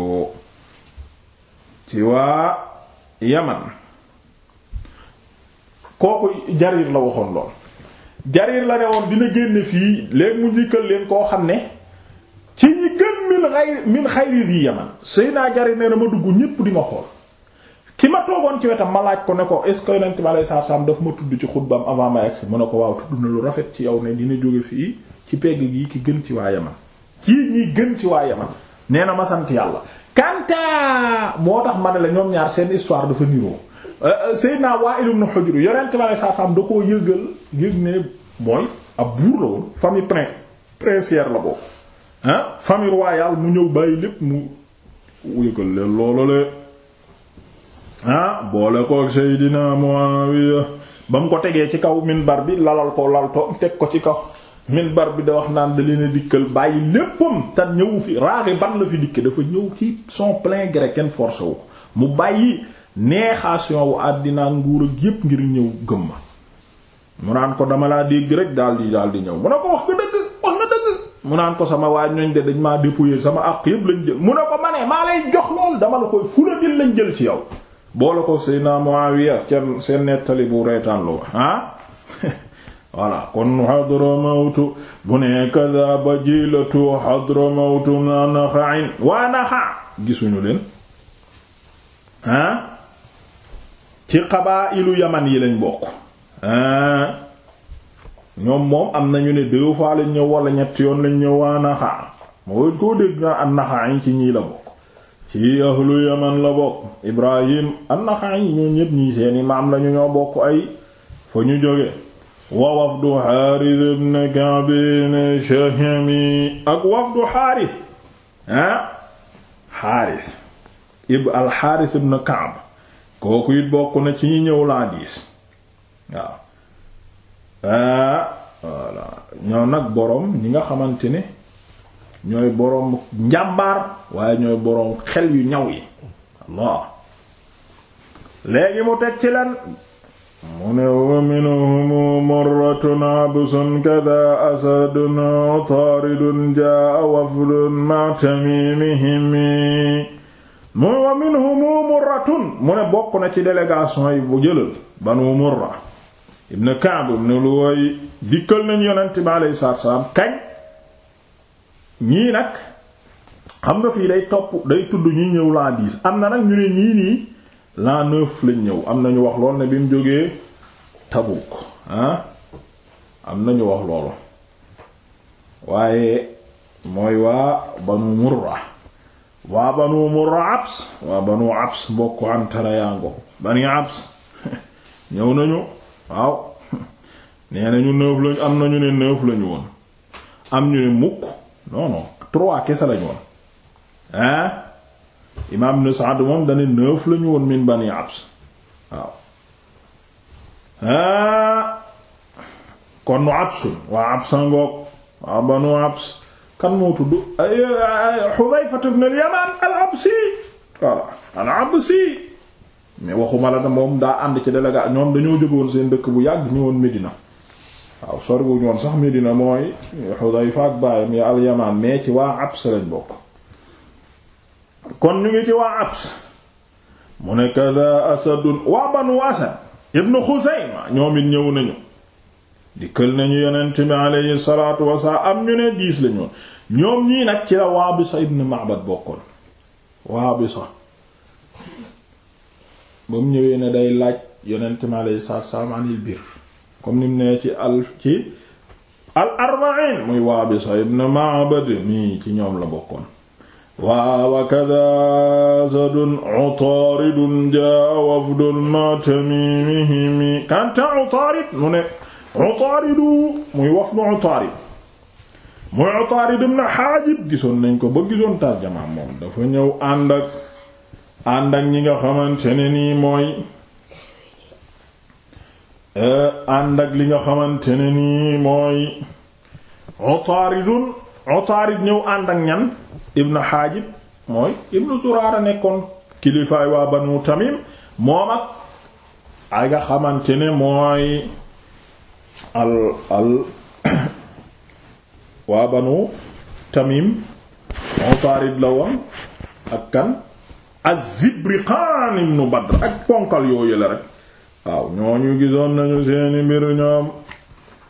ci waa yaman kooku jarir la waxoon lool jarir la ne woon dina génne fii léegi mu dikkal leen koo xam ne ci ñi gën min xayri min xayri di yaman sëy naa jarir nee na ma dugg ñépp di ma xool ki ma toogoon ci wetam ma laaj ko ne ko est-ce que yonent bi ma tudd ci xutbaam avant ma agsi mu ne ko waaw tudd na lu rafet ci yow ne dina jóge fii ci pegg gi ki gën ci waa Yaman kii ñii gën ci waa Yaman nee na ma sant yàlla kanta moo tax ma ne la ñoom ñaar seen histoire dafa niroo euh, euh, naa Wa'il ibn Hujr yonent bi alayhi salaam da koo yëgal yëg ne mooy ab buur la woon famille prin princière la boobu ah famille royale mu ñëw bàyyi lépp mu Ah, boole ko ak Seydina Muawiya ba mu ko tegee ci kaw minbar bi lalal ko lal to teg ko ci kaw bar bi da wax naan da leen a dikkal bàyyi léppam te ñëwu fi raari ban la fi dikke dafa ñëw ci son plein gré kenn forcé wu mu bàyyi neexation wu àddina nguur ak yépp ngir ñëw gëm mu naan ko dama laa dégg rek daal di daal di ñëw mu ne ko wax nga dëgg wax nga dëgg mu naan ko sama waa ñoñ de dañ maa dépouiller sama àq yépp lañ jël mu ne ko ma ne maa lay jox lool dama la lañ jël ci yow boole ko Seydina Muawiya seen seen nettali bu reetaan lu ah voilà kon Hadramawtu bu ne kadaba jilatu Hadramawtu na naxain waa naxa gisuñu leen ah ci qabaa'ilu yaman yi lañ bokk ah ñoom moom am nañu ne deux ñëw wala ñett yoon lañ ñëw waa naxa moo koo dégg naa am naxain ci ñii la bokk ci ahlu yaman la bokk ibrahim annaxaay ñoo ñépp ñii seeni maam lañu ñoo bokk ay fa ñu jóge wa wafdu xaaris ibn Ka'b ibn Shahimi ak wafdu xaaris ah xaaris ib al xaaris ibn kooku it bokk na ci ñu ñëw laa diis waaw ah ñoo nag boroom ñi nga xamante ni ñooy boroom njàmbaar waaye ñooy boroom xel yu ñaw yi Allah léegi mu teg ci lan mu ne wa minhum mu murratun mu ne bokk na ci délégation yi bu jëlal banu murra ibn Ka'b ibn Luway dikkal nañu yonent bi alayhi salaam kañ ñii nag xam nga fii day topp day tudd ñi ñëw l'an dix am na nag ñu ne ñii nii l'an neuf lañ ñëw am na wax lool ne bi mu jógee Tabuk ah, wax loolu waaye mooy waa Banu Murra waa Banu ñëw nañu waaw nee na ñu ne am ñu ne mukk non non trois kese lañu woon hein imaam ibn Sa'd moom dane neuf lañu woon min bani Abs waaw ah kon nu absun waa absa ngoog banu abs kan moo tudd Hudhayfatu ibn al-Yaman al-Absi voilà al-Absi mais waxuma la moom daa ànd ci délégat ñoom dañoo jógoon seen dëkk bu yàgg ñëwoon Medina waaw sorguñ woon sax Medina mooy Xudayfa ak baayam ya alyamaan mais ci waa Abs lañ bokk kon ñu ngi ci waa Abs mu ne kada asadun waa banu asad ibnu Xusayma ñoom it ñëw nañu dikkal nañu yonent bi aleyhi salaatu wasalaam am ñu ne diis lañu ñoom ñii nag ci la Waabisa ibnu Ma'bad bokkoon Waabisa ba mu ñëwee ne day laaj yonent bi aleyhi salaatu wasalaam anil comme nim nee ci al ci al arba'in muy Waabisa ibn Ma'bad mi ci ñoom la bokkoon waa wa kadha zadun utaaridun jaa wafdul ma tamimihimi kanta utaarid mu ne utaaridu muy wafdu utaarid muy utaarid ibn Haajib gisoon nañ ko ba gisoon tarjamaam moom dafa ñëw ànd ak ànd ak ñi nga xamante ne nii mooy ànd ak li nga xamante ne nii mooy utaaridun utaarid ñëw ànd ak ñan ibn xaajib mooy ibn zuraara nekkoon kilifaay waa banu tamim moom ak ay nga xamante ne mooy al al waa banu tamim utaarid la woon ak kan az-zibriqaan ibn badr ak ponkal yooyu la rek waaw ñooñu gisoon nañu seeni mbir ñoom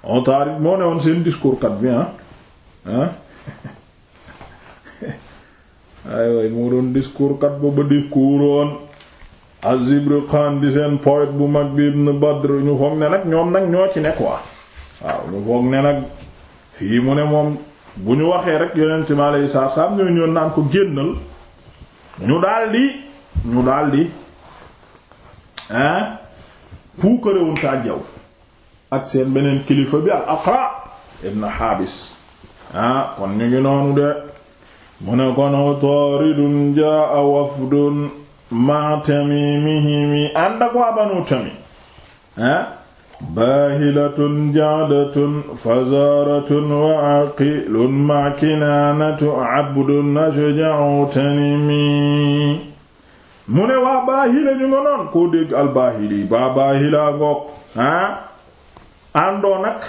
Utaarid moo ne woon seen discours kat bi ah ah aywa moo doon discours kat ba discours woon Az-Zibriqaan di seen poète bu mag bi Ibn Badr ñu foog ne nag ñoom nag ñoo ci nekk quoi waaw ñu foog ne nag fii mu ne moom bu ñu waxee rek yonent mi alayhi salaatu salaam ñoo ñëw naan ko génnal ñu daldi ñu daldi ah puukarewuñ ak yow ak seen beneen kilifa bi al Aqra ibn Habis ah kon ñu ngi de mu ne kon taaridun jaa wafdun ma tamimihimi ànd ak waa banu tamim ah baahilatun jaadatun fazaaratun wa aqilun ma kinaanatu abdun ashja'u tanimi mu ne waa baahila ñu nga noon koo dégg albaahili waa baahila ngoog ah àndoon ak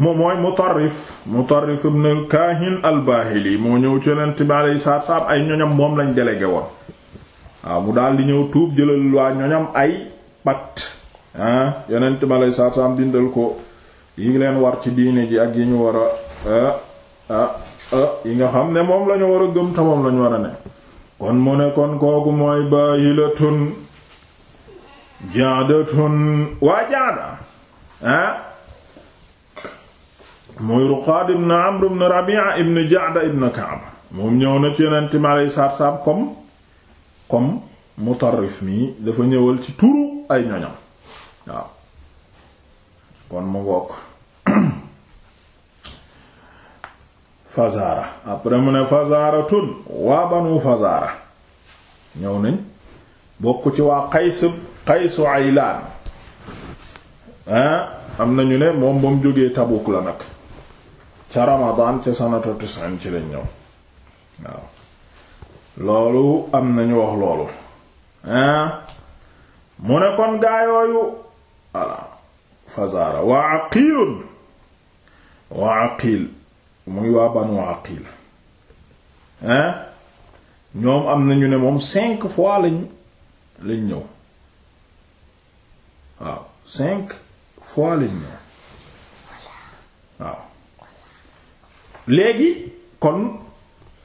mu mooy mutarrif mutarrif ibn al-kaahin albaahili moo ñëw ci yonent bi alayhi salaatu salaam ay ñoñam moom lañ délégué woon waaw mu daal di ñëw tuub jëlal waa ñoñam ay pacte ah yonent bi alayhi salaatu dindal ko yi leen war ci diine ji ak yi ñu war a ah, ah, ah yi nga xam ne moom la ñu war a gëm te moom la ñu war a ne kon mu ne kon kooku mooy baahilatun jaadatun waa jaada ah muy Ruqaad ibn Amr ibn Rabi'a ibn Jaada ibn Ka'b moom ñëw na ci Yonent mi alayhi salaatu salaam comme comme Mutarrif mi dafa ñëwal ci turu ay ñoñam waaw kon mu bokk Fazaara après mu ne Fazaara tun waa banu Fazaara ñëw nañ bokk ci waa Qaysu Qaysu Aylaan ah, am nañu ñu ne moom ba mu jógee Tabuk la nag ca Ramadan ca sanata tis'in ci lañ ñëw waaw loolu am na wax loolu ah mu ne kon gaayooyu voilà waa Aqiilun waa Aqiil muy waa banu aqil hein ñoom am nañu ne moom cinq fois lañ lañ ñëw waaw cinq fois lañ ñëw waaw léegi kon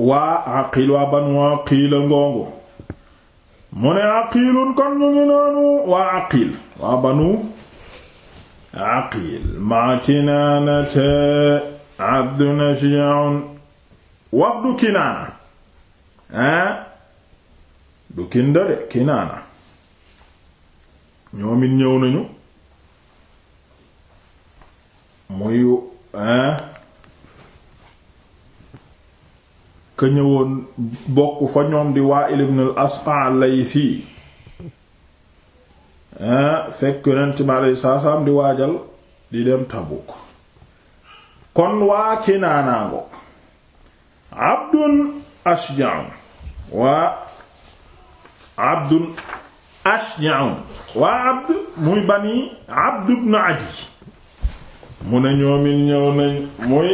waa aqil waa banu aqil a ngoongu mu ne aqilun kon ñu ngi noonu waa aqil waa banu aqil maa kinaanate abdu najiun wafdu kinaana hein du kinda de kinaana ñoom ñëw nañu muy hein ka bokk fa ñoom di Waa'il ibn al-Asqa al-Laythi hein fekk yonent mi alayhi salaam di waajal di dem Tabuk kon waa kinaanaango abdun ashja'un waa abdun ashja'un waa abd muy bani abd ibn adi mu ne ñoomin ñëw nañ muy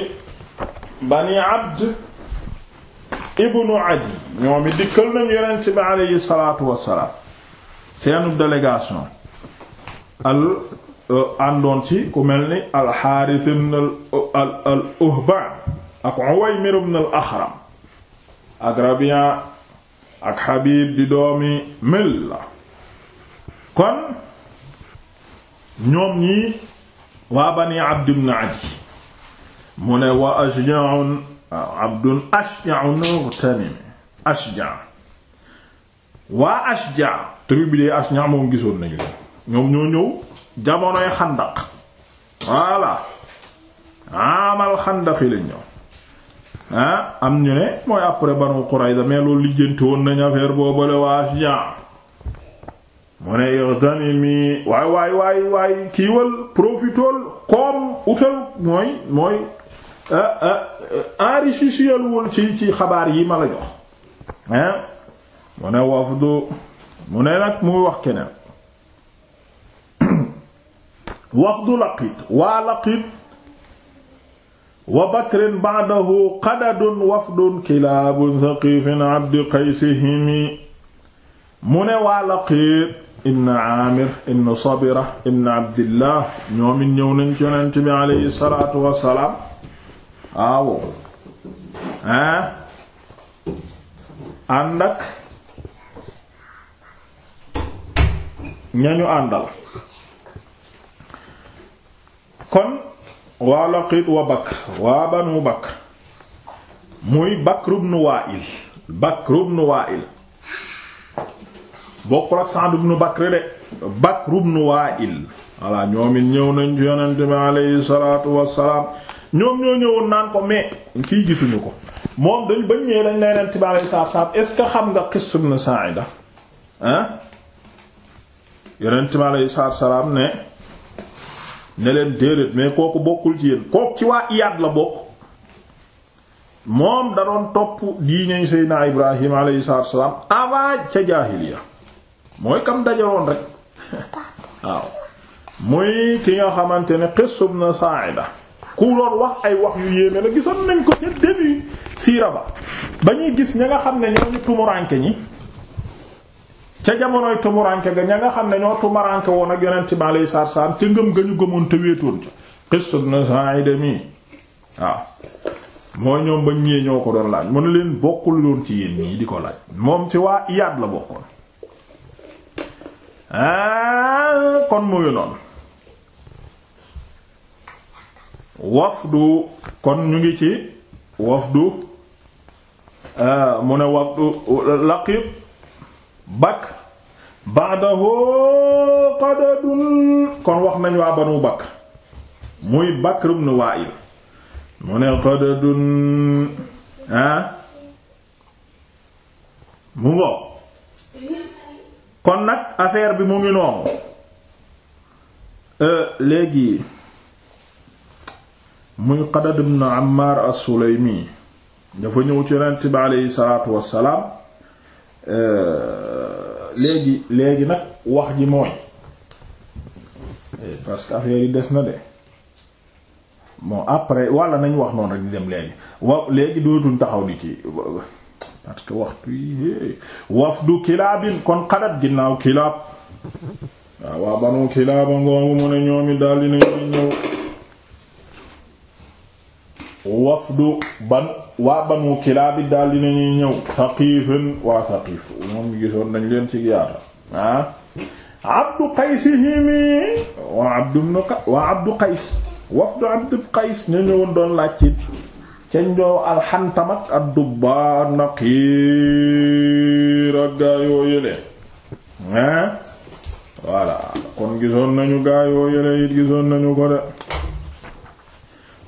bani abd ibnu adi ñoomi dikkal nañ yonent bi aleyhi salaatu wassalaam seenu délégation Euh, àndoon ci ku mel ni alxaaris ibn al uhbaan ak uwaymir ibn al ak rabia ak xabib di doomi milla kon ñoom ñii waa bani abd ibn adi mu ne wa ashja'un abdun ashja'un mughtanim ashja' waa bi de ashja' moom gisoon nañu leen ñoom ñoo ñëw jamonoy xandaq voilà amal xandaq yi lañ ñëw ah am ñu ne mooy après Banu Qurayza mais loolu lijjanti woon nañ affaire boobale waa Shia mu ne ightanimi waay waay waay waay kiiwal profitool koom utal mooy mooy ah, ah, enrichissel wul ci ci xabaar yi ma la jox ah mu ne wafdu mu ne nag muy wax keneen wafdu laqiit waa laqiit wa bakrin ba'dahu qadadun wafdun kilaabun thaqiifin abdi qaysihimi mu ne waa laqiit ibn aamir ibn sabira ibn abdillah ñoom it ñëw nañ ci yonent bi aleyhi salaatu wassalaam waaw ah ànd ak ñañu àndal kon waa Laqit wa Bakr waa Banu Bakr muy Bakr ibn Wa'il Bakr ibn Wa'il bokkul ak Sa'd ibn Bakr de Bakr ibn Wa'il voilà ñoom it ñëw nañ ci yonent bi aleyhi salaatu wassalaam ñoom ñoo ñëwoon naan ko mais kii gisuñu ko moom dañ bañ ñëwee dañ lay nent bi aleyhi salaatu wassalaam est xam nga Qiss ibn Sa'ida ah yonent bi aleyhi salaatu ne ne leen déedéet mais kooku bokkul ci yéen kooku ci waa iyaad la bokk moom da doon topp diine Seydina Ibrahim alayhi salaatu wa salaam avant ca jaahiliya mooy kam dajaroon rek waaw muy ki nga xamante ne Qiss na Sa'ida ku doon wax ay wax yu yéeme la gisoon nañ ko ca début siira ba ba ñuy gis ña nga xam ne ñoo ñu tumuraanke ñi ca jamonoy tumuranke ga ña nga xam ne ñoo tumuranke woon ak yonent bi alayhi salaatu salaam ca ngëm ga ñu gëmoon te wéetoon ca qissa ibn Sa'id mi waaw mooy ñoom ba ñëwee ñoo ko doon laaj mu ne leen bokkul loon ci yéen ñii di ko laaj moom ci waa Iyad la bokkoon ah, kon mu ngi noonu wafdu kon ñu ngi ci wafdu ah, mu ne wafdu Laqib Bakk ba'dahu qadadun kon wax nañ waa banu bakr muy bakr ibn wa'il mu ne qadadun ah mu ngoo kon nag affaire bi mu ngi noonu euh, léegi muy qadad ibn ammar as dafa ñëw ci yonent bi aleyhi salaatu wassalaam euh, léegi léegi nag wax ji mooy parce que affaire yi des na de moo après walla nañ wax noonu rek di dem léegi wa léegi dootuñ taxaw di kii parce que waxtu yi eh, du kilaabin kon xadat ginnaaw kilaab waaw waa banu kilaaba ngoomu mu ne ñoomi daldi nañu ñëw wafdu ban waa banu kilaabi daal dina ñuy ñëw thaqifin waa thaqif moom gisoon nañ leen ci yaata ah abdu qaysihimi waa abdu qays wafdu abdu qays ñu ñëwoon doon laaj ci ca ñoo alxantam ak addubba naqiir ak gaa yoo yële hein ah, kon gisoon nañu gaa yoo yële gisoon nañu ko de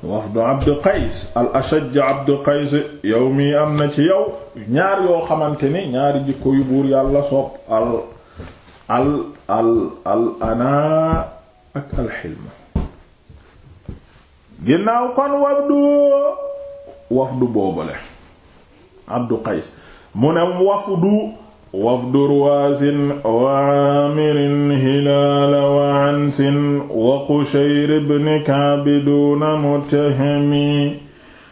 wafdu abdu qays al ashaj abdu qays yow mii am na ci yow ñaar yoo xamante ni ñaari jikko yu buur yàlla sopp al al al al anaa ak al xilm ginnaaw kon wafdu wafdu boobale abdu qays mu ne wafdu wafdu ruwaasin wa aamirin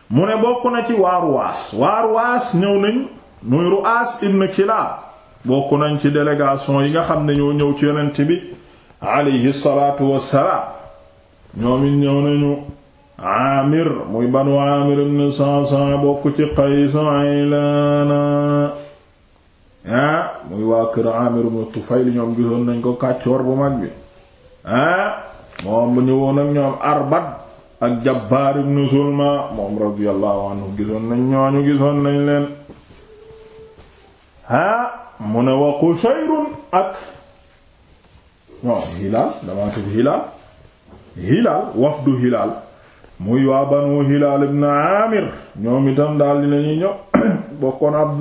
wa bokk na ci waa ruwaas waa ruwaas muy ruwaas ibn kilaab bokk nañ ci délégation yi nga xam ne ñoo ñëw ci yonent bi aleyhi salaatu wassalaam ñoom it ñëw nañu muy banu aamir ibn sa'sa'a bokk ci qaysu aylaana ah muy waa nañ ko kàccoor bu mag bi ah moom bu ñëwoon nañ ñooñu gisoon nañ leen ah Hilaal Hilaal Hilaal wafdu Hilaal muy waa Banu Hilaal ibn Amir ñoom itam daal dinañuy ñëw bokkoon Abd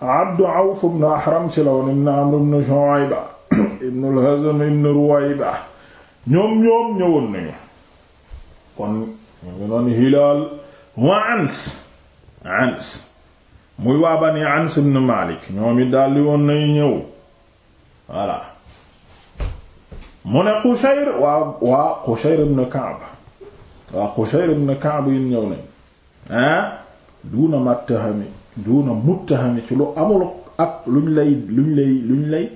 Abdu Awf ibn Ahram ci la woon ibn Amr ibn Shuayba ibn al-Hazm ibn Ruwayba ñoom ñoom ñëwoon nañu kon ñu ngi doon Hilaal wa Ans Ans muy waa Bani Ans ibn Malik ñoom it daldi woon nañu ñëw voilà mu ne Qushayr waa waa Qushayr ibn Ka'b waa Qushayr ibn Ka'b yi ñëw nañu ah duuna mattahami duuna muttahami ci lu amul ak luñ lay luñ lay luñ lay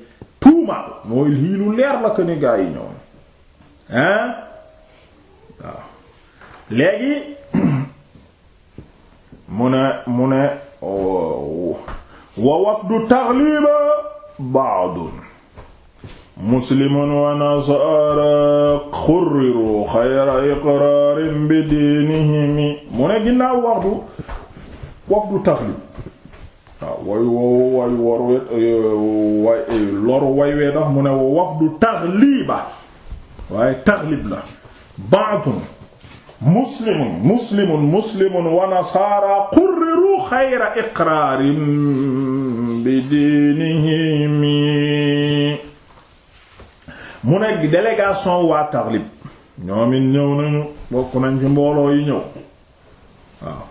lii lu leer la ko ne ñoom hein mu ne mu ne wa wafdu taxliba baadun muslimun wa nasaara xurriru xayra iqraarin bi diinihimi mu ne ginnaaw waxtu wafdu taxlib waaw eh, way woo eh, way wor way loru way wee ndax mu ne wafdu taxliba waaye taxlib la ba'dun muslimun muslimun muslimun wa nasaara qurriru xayra iqraarin bi mu ne délégation waa taxlib ñoom ñëw nañu bokk nañ ci mbooloo yi ñëw waaw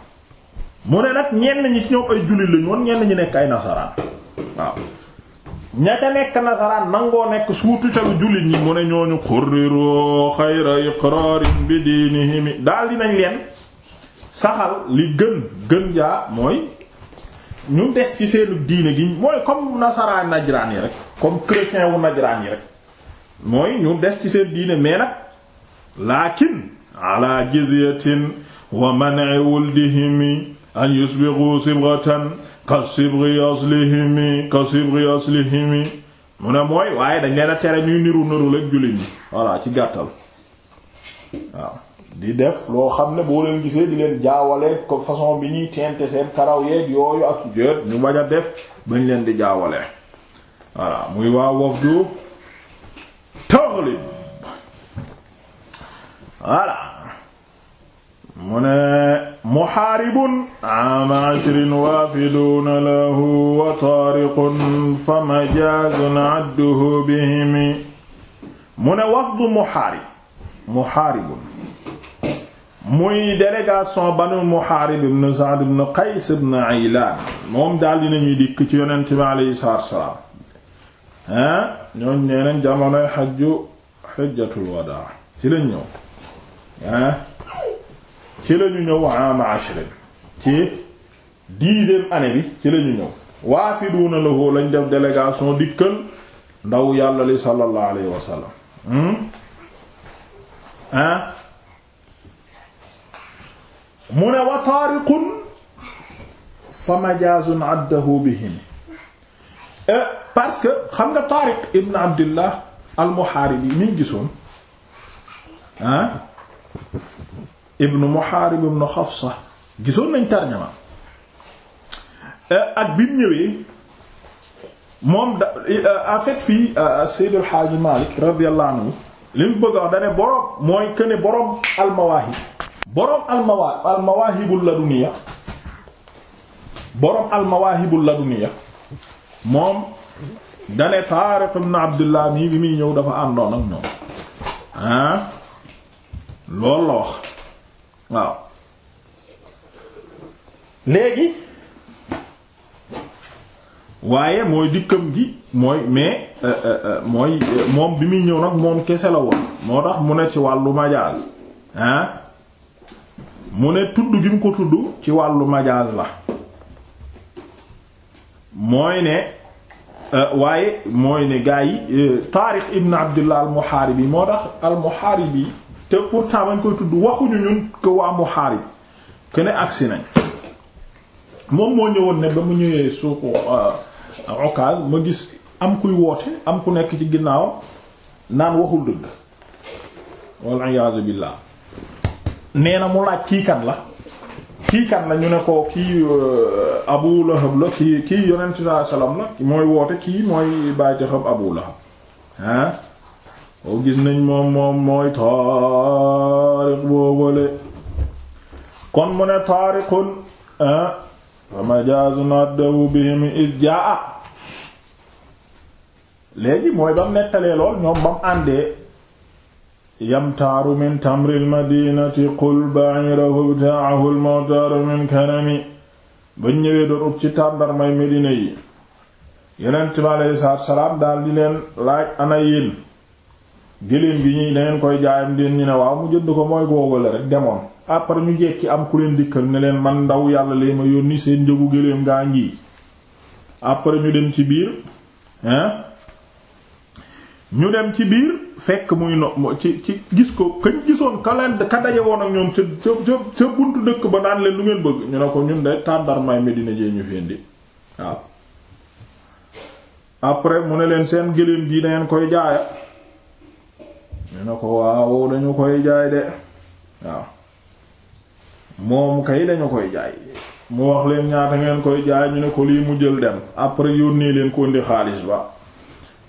mu ne nag ñenn ñi ci ñoom ay jullit lañu woon ñenn ñi nekk ay nasaraan waaw ña nekk nasaraan nangoo nekk surtout ca jullit ñi mu ne ñooñu xurriroo xayra iqrarin bi diinihimi daal dinañ leen saxal li gën gën jaa mooy ñu des ci seenu diine gi mooy comme nasaraan najraan yi rek comme chrétien wu najraan yi rek mooy ñu des ci seen diine mais nag laakin ala jizyatin wa man'i wuldihimi an yusbiqu sibghatan ka sibghi aslihimi ka aslihimi mu ne mooy waaye dañ leen a tere ñuy niru niru lekk jullit ñi voilà ci gàttal waaw di def loo xam ne boo leen gisee di leen jaawale comme façon bi ñuy teente seen karaw yeeg yooyu ak jot ñu bañ a def bañ leen di jaawale voilà muy waa wafdu Taghlib voilà mu ne muxaaribun ama ashrin waafiduuna lahu wa taariqun fa majaazun adduhu bihimi mu ne wafdu muxaarib muxaaribun muy délégation banu muxaarib ibn Sa'd ibn Qays ibn Aylaan moom daal dinañuy dikk ci yonent bi aleyhi salaatu wasalaam ah ñooñ nee nañ jamonoy xajju xajjatul wadaa ci lañ ñëw ah ci la ñëw ama ashrin ci dixième année bi ci la ñu ñëw waafiduuna lahu lañ def délégation dikkal ndaw yàlla li sallallahu alayhi wa sallam ah mu ne wa taariqun fa majaazun addahu bihim eh, parce que xam nga taariq ibn abdillah al muhaaribi miñ gisoon ah ibnu Muhaarib ibnu Xafsa gisoon nañ tarjama eh, ak bi mu ñëwee moom da eh, en fait fii eh, Seydi El Hadji Malick radiyallahu li mu bëgg a wax dane boroom mooy que ne boroom almawaahib boroom almawa almawaahibul laduniya boroom almawaahibul laduniya moom dane Taariq ibn Abdullah mii bi muy ñëw dafa àndoon ak ñoom ah la wax waaw léegi waaye mooy dikkam gi mooy mais euh, euh, euh, mooy moom bi muy ñëw nag moom kese la woon moo tax mu ne ci wàllu majaaz ah mu ne tudd gi mu ko tudd ci wàllu majaaz la mooy ne waaye mooy ne gaa yi Taariq ibn Abdullah al-Muharibi moo tax al-Muharibi te pourtant bañ koy tudd waxuñu ñun que waa Muharib que ne agsi nañ moom moo ñëwoon ne ba mu ñëwee suuku Okaz euh, ma gis am kuy woote am ku nekk ci ginnaaw naan waxul dëgg wal iyaazu billaah nee na mu laaj kii kan la kii kan la ñu ne ko kii euh, Abu Lahab la kii kii yonent sallam la mooy woote kii mooy bàyyi xam Abu Lahab ah oo gis nañ moom moom mooy taariq boobale kon mu ne taariqun fa ah, majaazun addahu bihim id jaa léegi mooy bam nettalee lool ñoom bam àndee yamtaaru min tamri almadinati qul ba'irahu btaahu almutaaru min kanami bañ ñëwee doon ub ci tàndarmay medina yi yeneen mi aleyhi salaam daal di leen laaj ana yéen géléem gi ñi dangeen koy jaayam deen ñu ne waaw mu jënd ko mooy googale rek demoon après ñu jekki am ku leen dikkal ne leen man ndaw yàlla lee ma yónni seen njëgu géléem gaa ngi après ñu dem ci biir ñu dem ci biir fekk muy no ci ci gis ko gisoon ka leen ka daje woon ak dëkk ba daan leen lu ngeen ñu ne ko ñun de tàndarmaay Medina jee ñu fendi waaw après mu ne leen seen géléem gi dangeen koy jaaya ñu ne ko waaw dañu koy jaay de waaw moom kay dañu koy jaay mu wax leen ñaata ngeen koy jaay ñu ne ko lii mu jël dem après yónnee leen ko indi xaalis ba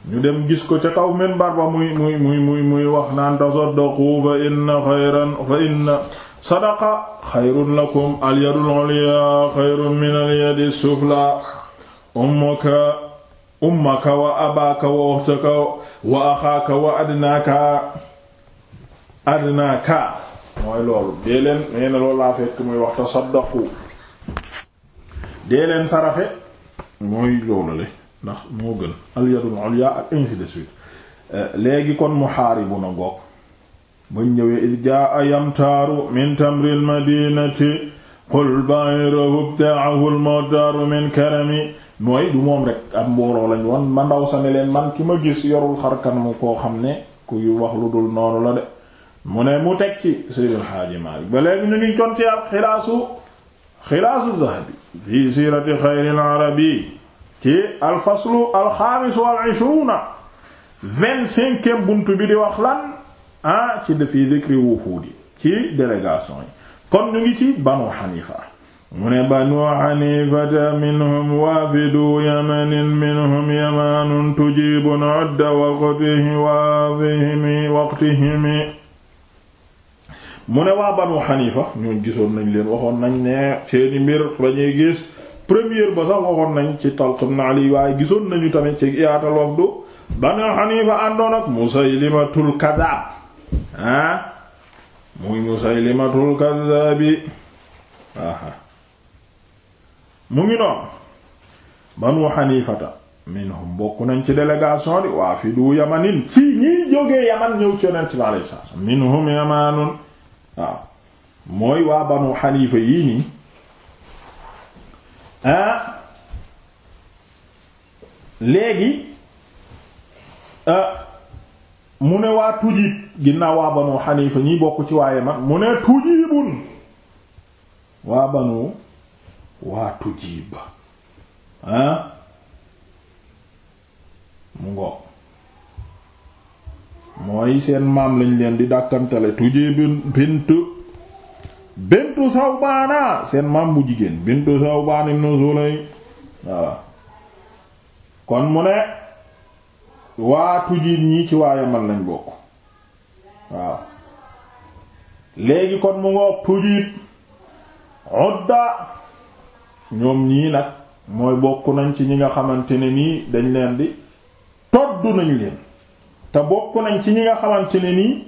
ñu dem gis ko ca kaw minbar ba muy muy muy muy wax naan tasaddaqu fa inna xayran fa inna sadaqa xayrun lakum al yadul xayrun min al yadi sufla ummuka ummaka wa abaaka wa ukhtaka wa axaaka wa mooy loolu dee leen nee fekk muy wax tasaddaqu dee leen mooy loolu le ndax moo gën al yadul ulya ak ainsi de suite euh, léegi kon muhaaribu na ngoog bañ ñëwee id jaa yamtaaru min tamril madinati qul ba'iruhu ibta'ahu al-mu'taru min karami mooy du moom rek ab mbooloo lañ woon ma ndaw sa ne leen man ki ma gis yorul xar kanamu koo xam ne kuy wax lu dul noonu la de mu ne mu teg ci Seydil Haaji Maalik ba léegi ñu ngi con ci ak xilaasu xilaasu dahabi fi siirati xayril arabi ci alfaslu alxaamis wal ishruna vingt-cinquième buntu bi di wax lan ah ci dafiy dikri wufuud yi ci délégation yi kon ñu ngi ci Banu Hanifa mu ne banu xanifata minhum waafidu yamanin minhum yamaanun tujibu nodda waqtihi waafihimi waqtihimi mu ne waa banu xanifa ñooñ gisoon nañ leen waxoon nañ ne seeni mbir lañuy gis première ba sax waxoon nañ ci Talq ibn Ali waaye gisoon nañu tamit ci yaatal wafdu banu xanifa àndoon ak Musaylimatul kaddaab ah muy Musaylimatul kaddaabi aha mu ngi noonu banu xanifata minhum bokk nañ ci délégation di waa fi du yamanin ci ñiy jógee yaman ñëw ci yonent bi alayhi minhum yamaanun waaw mooy waa banu xanifa yii nii ah. léegi ah, mu ne waa tujib ginnaaw waa banu xanifa ñiy bokk ci waa yaman mu ne tujibun waa banu waa tujiba ah mu ngo mooy seen maam lañ leen di dàkkantale tujib bintu bintu Sawbaana seen maam bu jigéen bintu Sawbaan ibnu Sulaym waaw kon mu ne waa tujib ñii ci waa Yaman lañ bokk waaw léegi kon mu ngo tujib Udda ñoom ñii nag mooy bokk nañ ci ñi nga xamante ne nii dañ leen di todd nañ leen te bokk nañ ci ñi nga xamante ne nii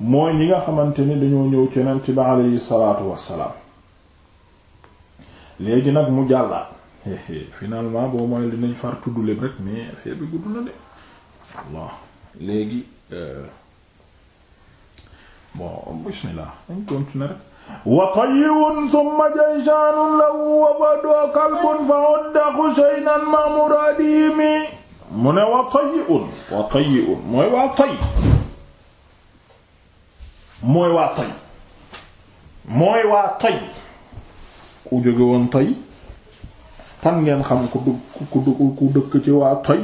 mooy ñi nga xamante ni dañoo ñëw ci yonent bi aleyhi salaatu wassalaam léegi nag mu jàlla finalement boo mooy dinañ far tudd rek mais affaire bi gudd na léegi euh, bon bismillah dañ continuer rek wa tayyibun thumma jayshanun lahu wa badwa kalbun fa udda xushaynan ma muradimi mu ne wa tayyibun wa tayyibun mooy mooy waa tay mooy waa tay ku jóge woon tay fan ngeen xam ku dëkk ku dëkk ci waa tay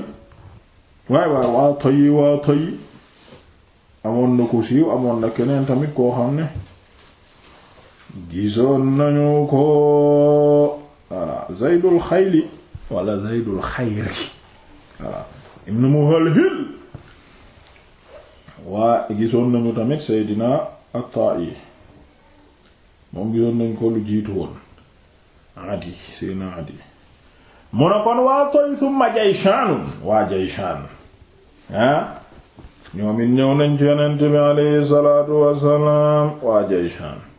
waay waay waa tay waa tay amoon na ko siiw amoon na keneen tamit koo xam ne gisoon nañu ko voilà ah, zaydul xayli wala zaydul xayri voilà ibn muhalhil waa gisoon nañu tamit seydina at-ta'i moom gisoon nañ ko lu jiitu woon adi seydina adi mu kon waa toy summa jayshaanun waa jayshaan ah ñoom it nañ ci yonent bi alayhi salaatu wassalaam waa jayshaan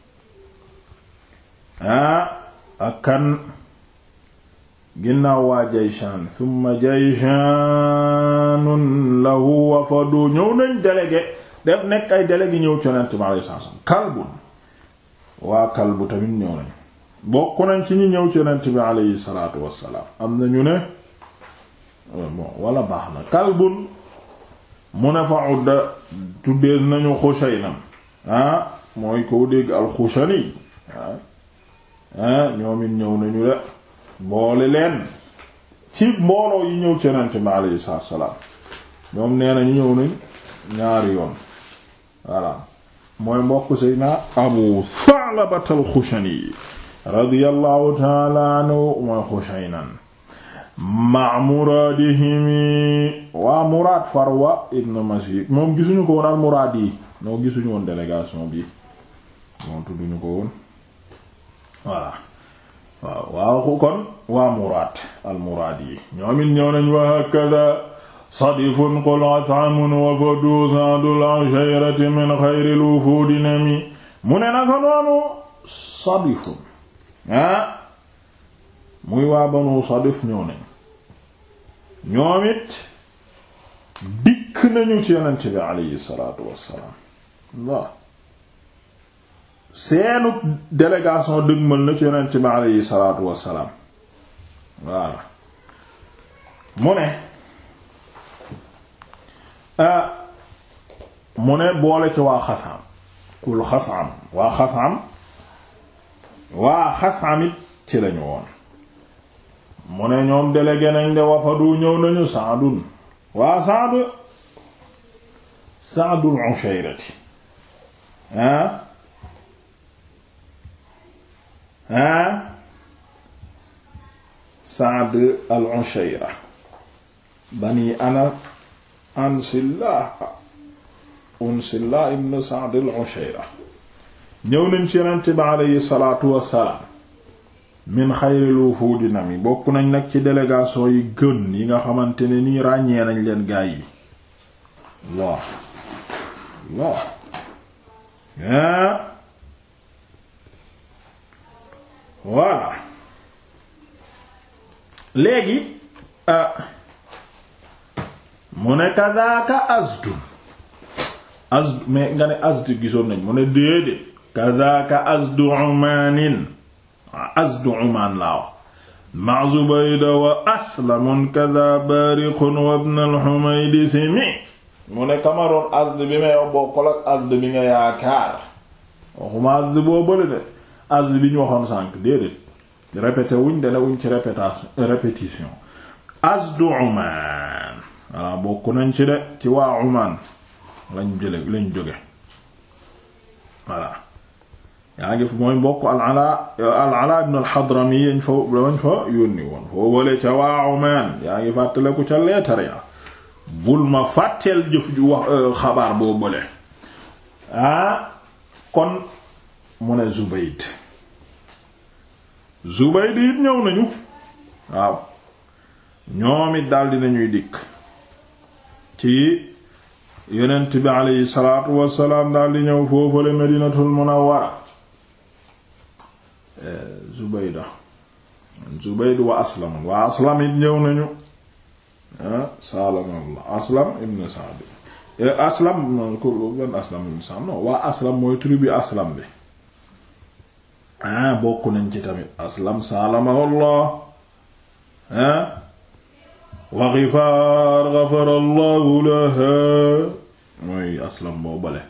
ah ak kan ginnaaw waa jayshan summa jayshanun lahu wafadu ñëw nañ délégué def nekk ay délégué ñëw conent ma alei sat selam kalbun waa kalbu tamit ñëw nañ bokk nañ ci ñi ñëw ci yonent bi aleyhi salaatu wassalaam am na ñu ne euh, wala baax na kalbun mu ne fa udda tuddee nañu xushaynam ah, mooy koo dégg al xushani ah Ah, ñoom it ñëw nañu la boole leen ci mbooloo yi ñëw ci yonent bi alayhi salaatu salaam ñoom nee nañu ñëw nañ ñaari yoon voilà mooy mbokk Seydina Abu Tha'laba al-Khushani radiyallahu ta'ala anhu ma muraadihimi waa Muraad Farwa ibn Masih moom gisuñu ko woon al Muraadi noo gisuñu woon délégation bi moom tudduñu ko woon voilà waaw waaw kon waa muraad al muraad yi ñoom it nañ wa hakada sadifun qul atamun wa fadu sa'dul ashayrati min xayril wufuudi nami mu ne naka noonu sadifun ah muy waa banu sadif ñëw nañ ñoom dikk nañu ci yonent bi alayhi wassalaam waaw seenu délégation dëgmal na ci yonent bi aleyhi salaatu wassalaam waaw mu ne ah, mu ne boole ci waa xasam kul xasam waa xasam waa xasam it ci lañu woon mu ne ñoom délégué nañ de wafadu ñëw nañu saadun waa saadu saadul ushayrati ah ah Saad al-Ushayra bani ana Ansillah Ansillah ibn Saad al-Ushayra ñëw nañ ci Yonent bi aleyhi salaatu wassalaam min xayril wufuudi na bokk nañ nag ci délégation yi gën yi nga xamante ne nii ràññee nañ leen gaay yi waaw waaw voilà léegi euh, mu ne kadaka azdu azdu mais nga ne azdu gisoon nañ mu ne déedéet kadaka azdu umaanin azdu umaan laa wax ma Zubayda wa aslamun kada baariqun wa ibn al-Humayd simi mu ne kamaroon azd bi may bokkul ak azd bi nga yaakaar waxuma azd boo bële de az bi waxoon sànq déedéet répété wuñ dana wuñ ci répétation euh, répétition az du Oman bokk nañ ci de ci waa Oman lañ jële lañ jóge voilà yaa ngi fi mooy mbokk al Ala euh, al Ala ibn al Hadrami yañ fa woon foo wale ca waa Oman yaa ngi fàttaleku ca leetar ya bul ma fàtteel jëf ju wax euh, xabaar boo bële ah kon mu ne Zubayd Zubayd it ñëw nañu waaw ñoom it daldi nañuy dikk ci yonent bi aleyhi salaatu wassalaam daldi ñëw foofale Madinatul Munawwara eh, Zubayda Zubayd wa Aslam waa Aslam it ñëw nañu eh, salaamalla Aslam ibn Sa'd eh, Aslam waa Aslam mooy tribu Aslam bi ah bokk nañ ci tamit aslam saalamahullaa ah wa gifaar gafarallahu laha mooy aslam boo bale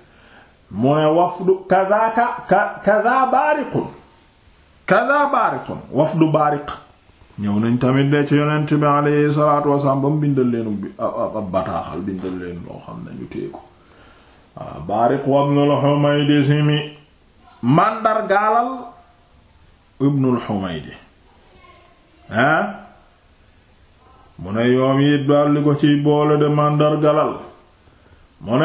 mu ne wafdu kadaka ka kada baariqun kada baariqun wafdu baariq ñëw nañ tamit de ci yonent bi alayhi salatu wasalaam bindal leenu bi ab bataaxal bindal leen loo xam ne ñu téeku waaw ah, baariq wabnul Humaydisimi màndargaalal ibnul Humaydi ah mu ne yoom yi daldi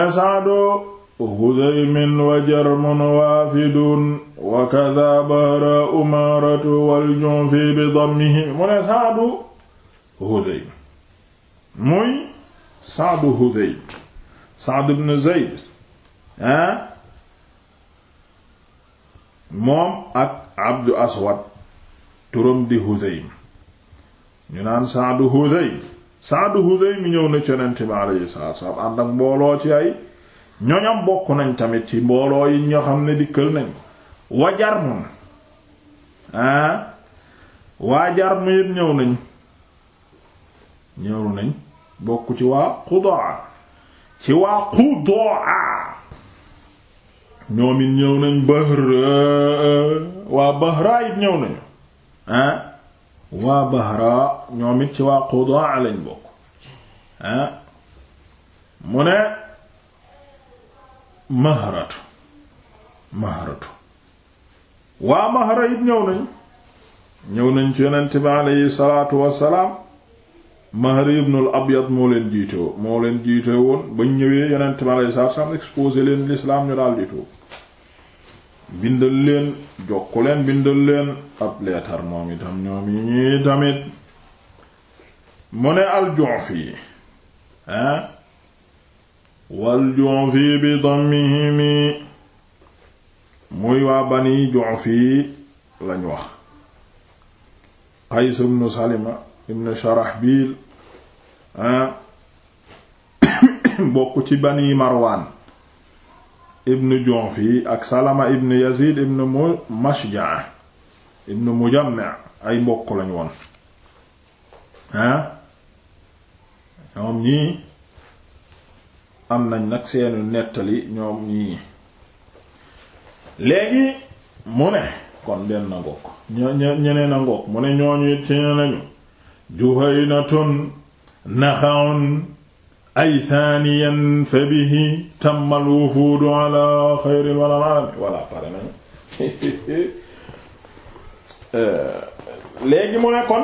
saadu hudaymin wa jarmun waafidun wa kadaa bahra umaratu wal bi dammihi mu saadu hudaym muy saadu hudaym saadu ibn Zayd ah moom ak abdu aswad turam di hudhaym ñu naan saadu hudhaym saadu hudhaym ñëw na conent bi alayhi salaatu ak mbooloo ci ay ñoñam bokk nañ tamit ci mbooloo yi ñoo xam ne dikkal nañ wajar mun ah waa jar mu ñëw nañ ñëw nañ bokk ci waa xudaa ci waa xudaa ñoom it ñëw nañ Bahra waa Bahra it ñëw nañu ah waa Bahra ñoom ci waa Qudaa lañ bokk ah mu ne Mahratu Mahratu waa Mahra it ñëw nañ ñëw nañ ci yonent bi aleyhi salaatu wassalaam Mahri ibn al-Abyad moo leen jiite woon moo leen jiite woon bañ ñëwee yonent mi alayhi salaatu salaam exposé leen l'islam ñu daal tuub bindal leen jokku leen bindal leen ab leetar moom itam ñoom yi ñuy tamit mu ne al-Ju'fi ah wal-Ju'fi bi dammihimi muy waa bani Ju'fi lañ wax Qays ibn Salima ibn Sharahbil bokk ci bani marwaan ibn Ju'fi ak salama ibn yazid ibn mu mashja ibn mujamma ay mbokk lañ woon ah ñoom ñii am nañ nag seenu nettali ñoom ñii léegi mu ne kon benn na ngokk ñeneen a ngokk mu ne ñooñu it ci nañu Juhaynatun naxaun ay thaniyan fa bihi tammal wufuudu ala xayril wala wala pare nañu euh, léegi mu ne kon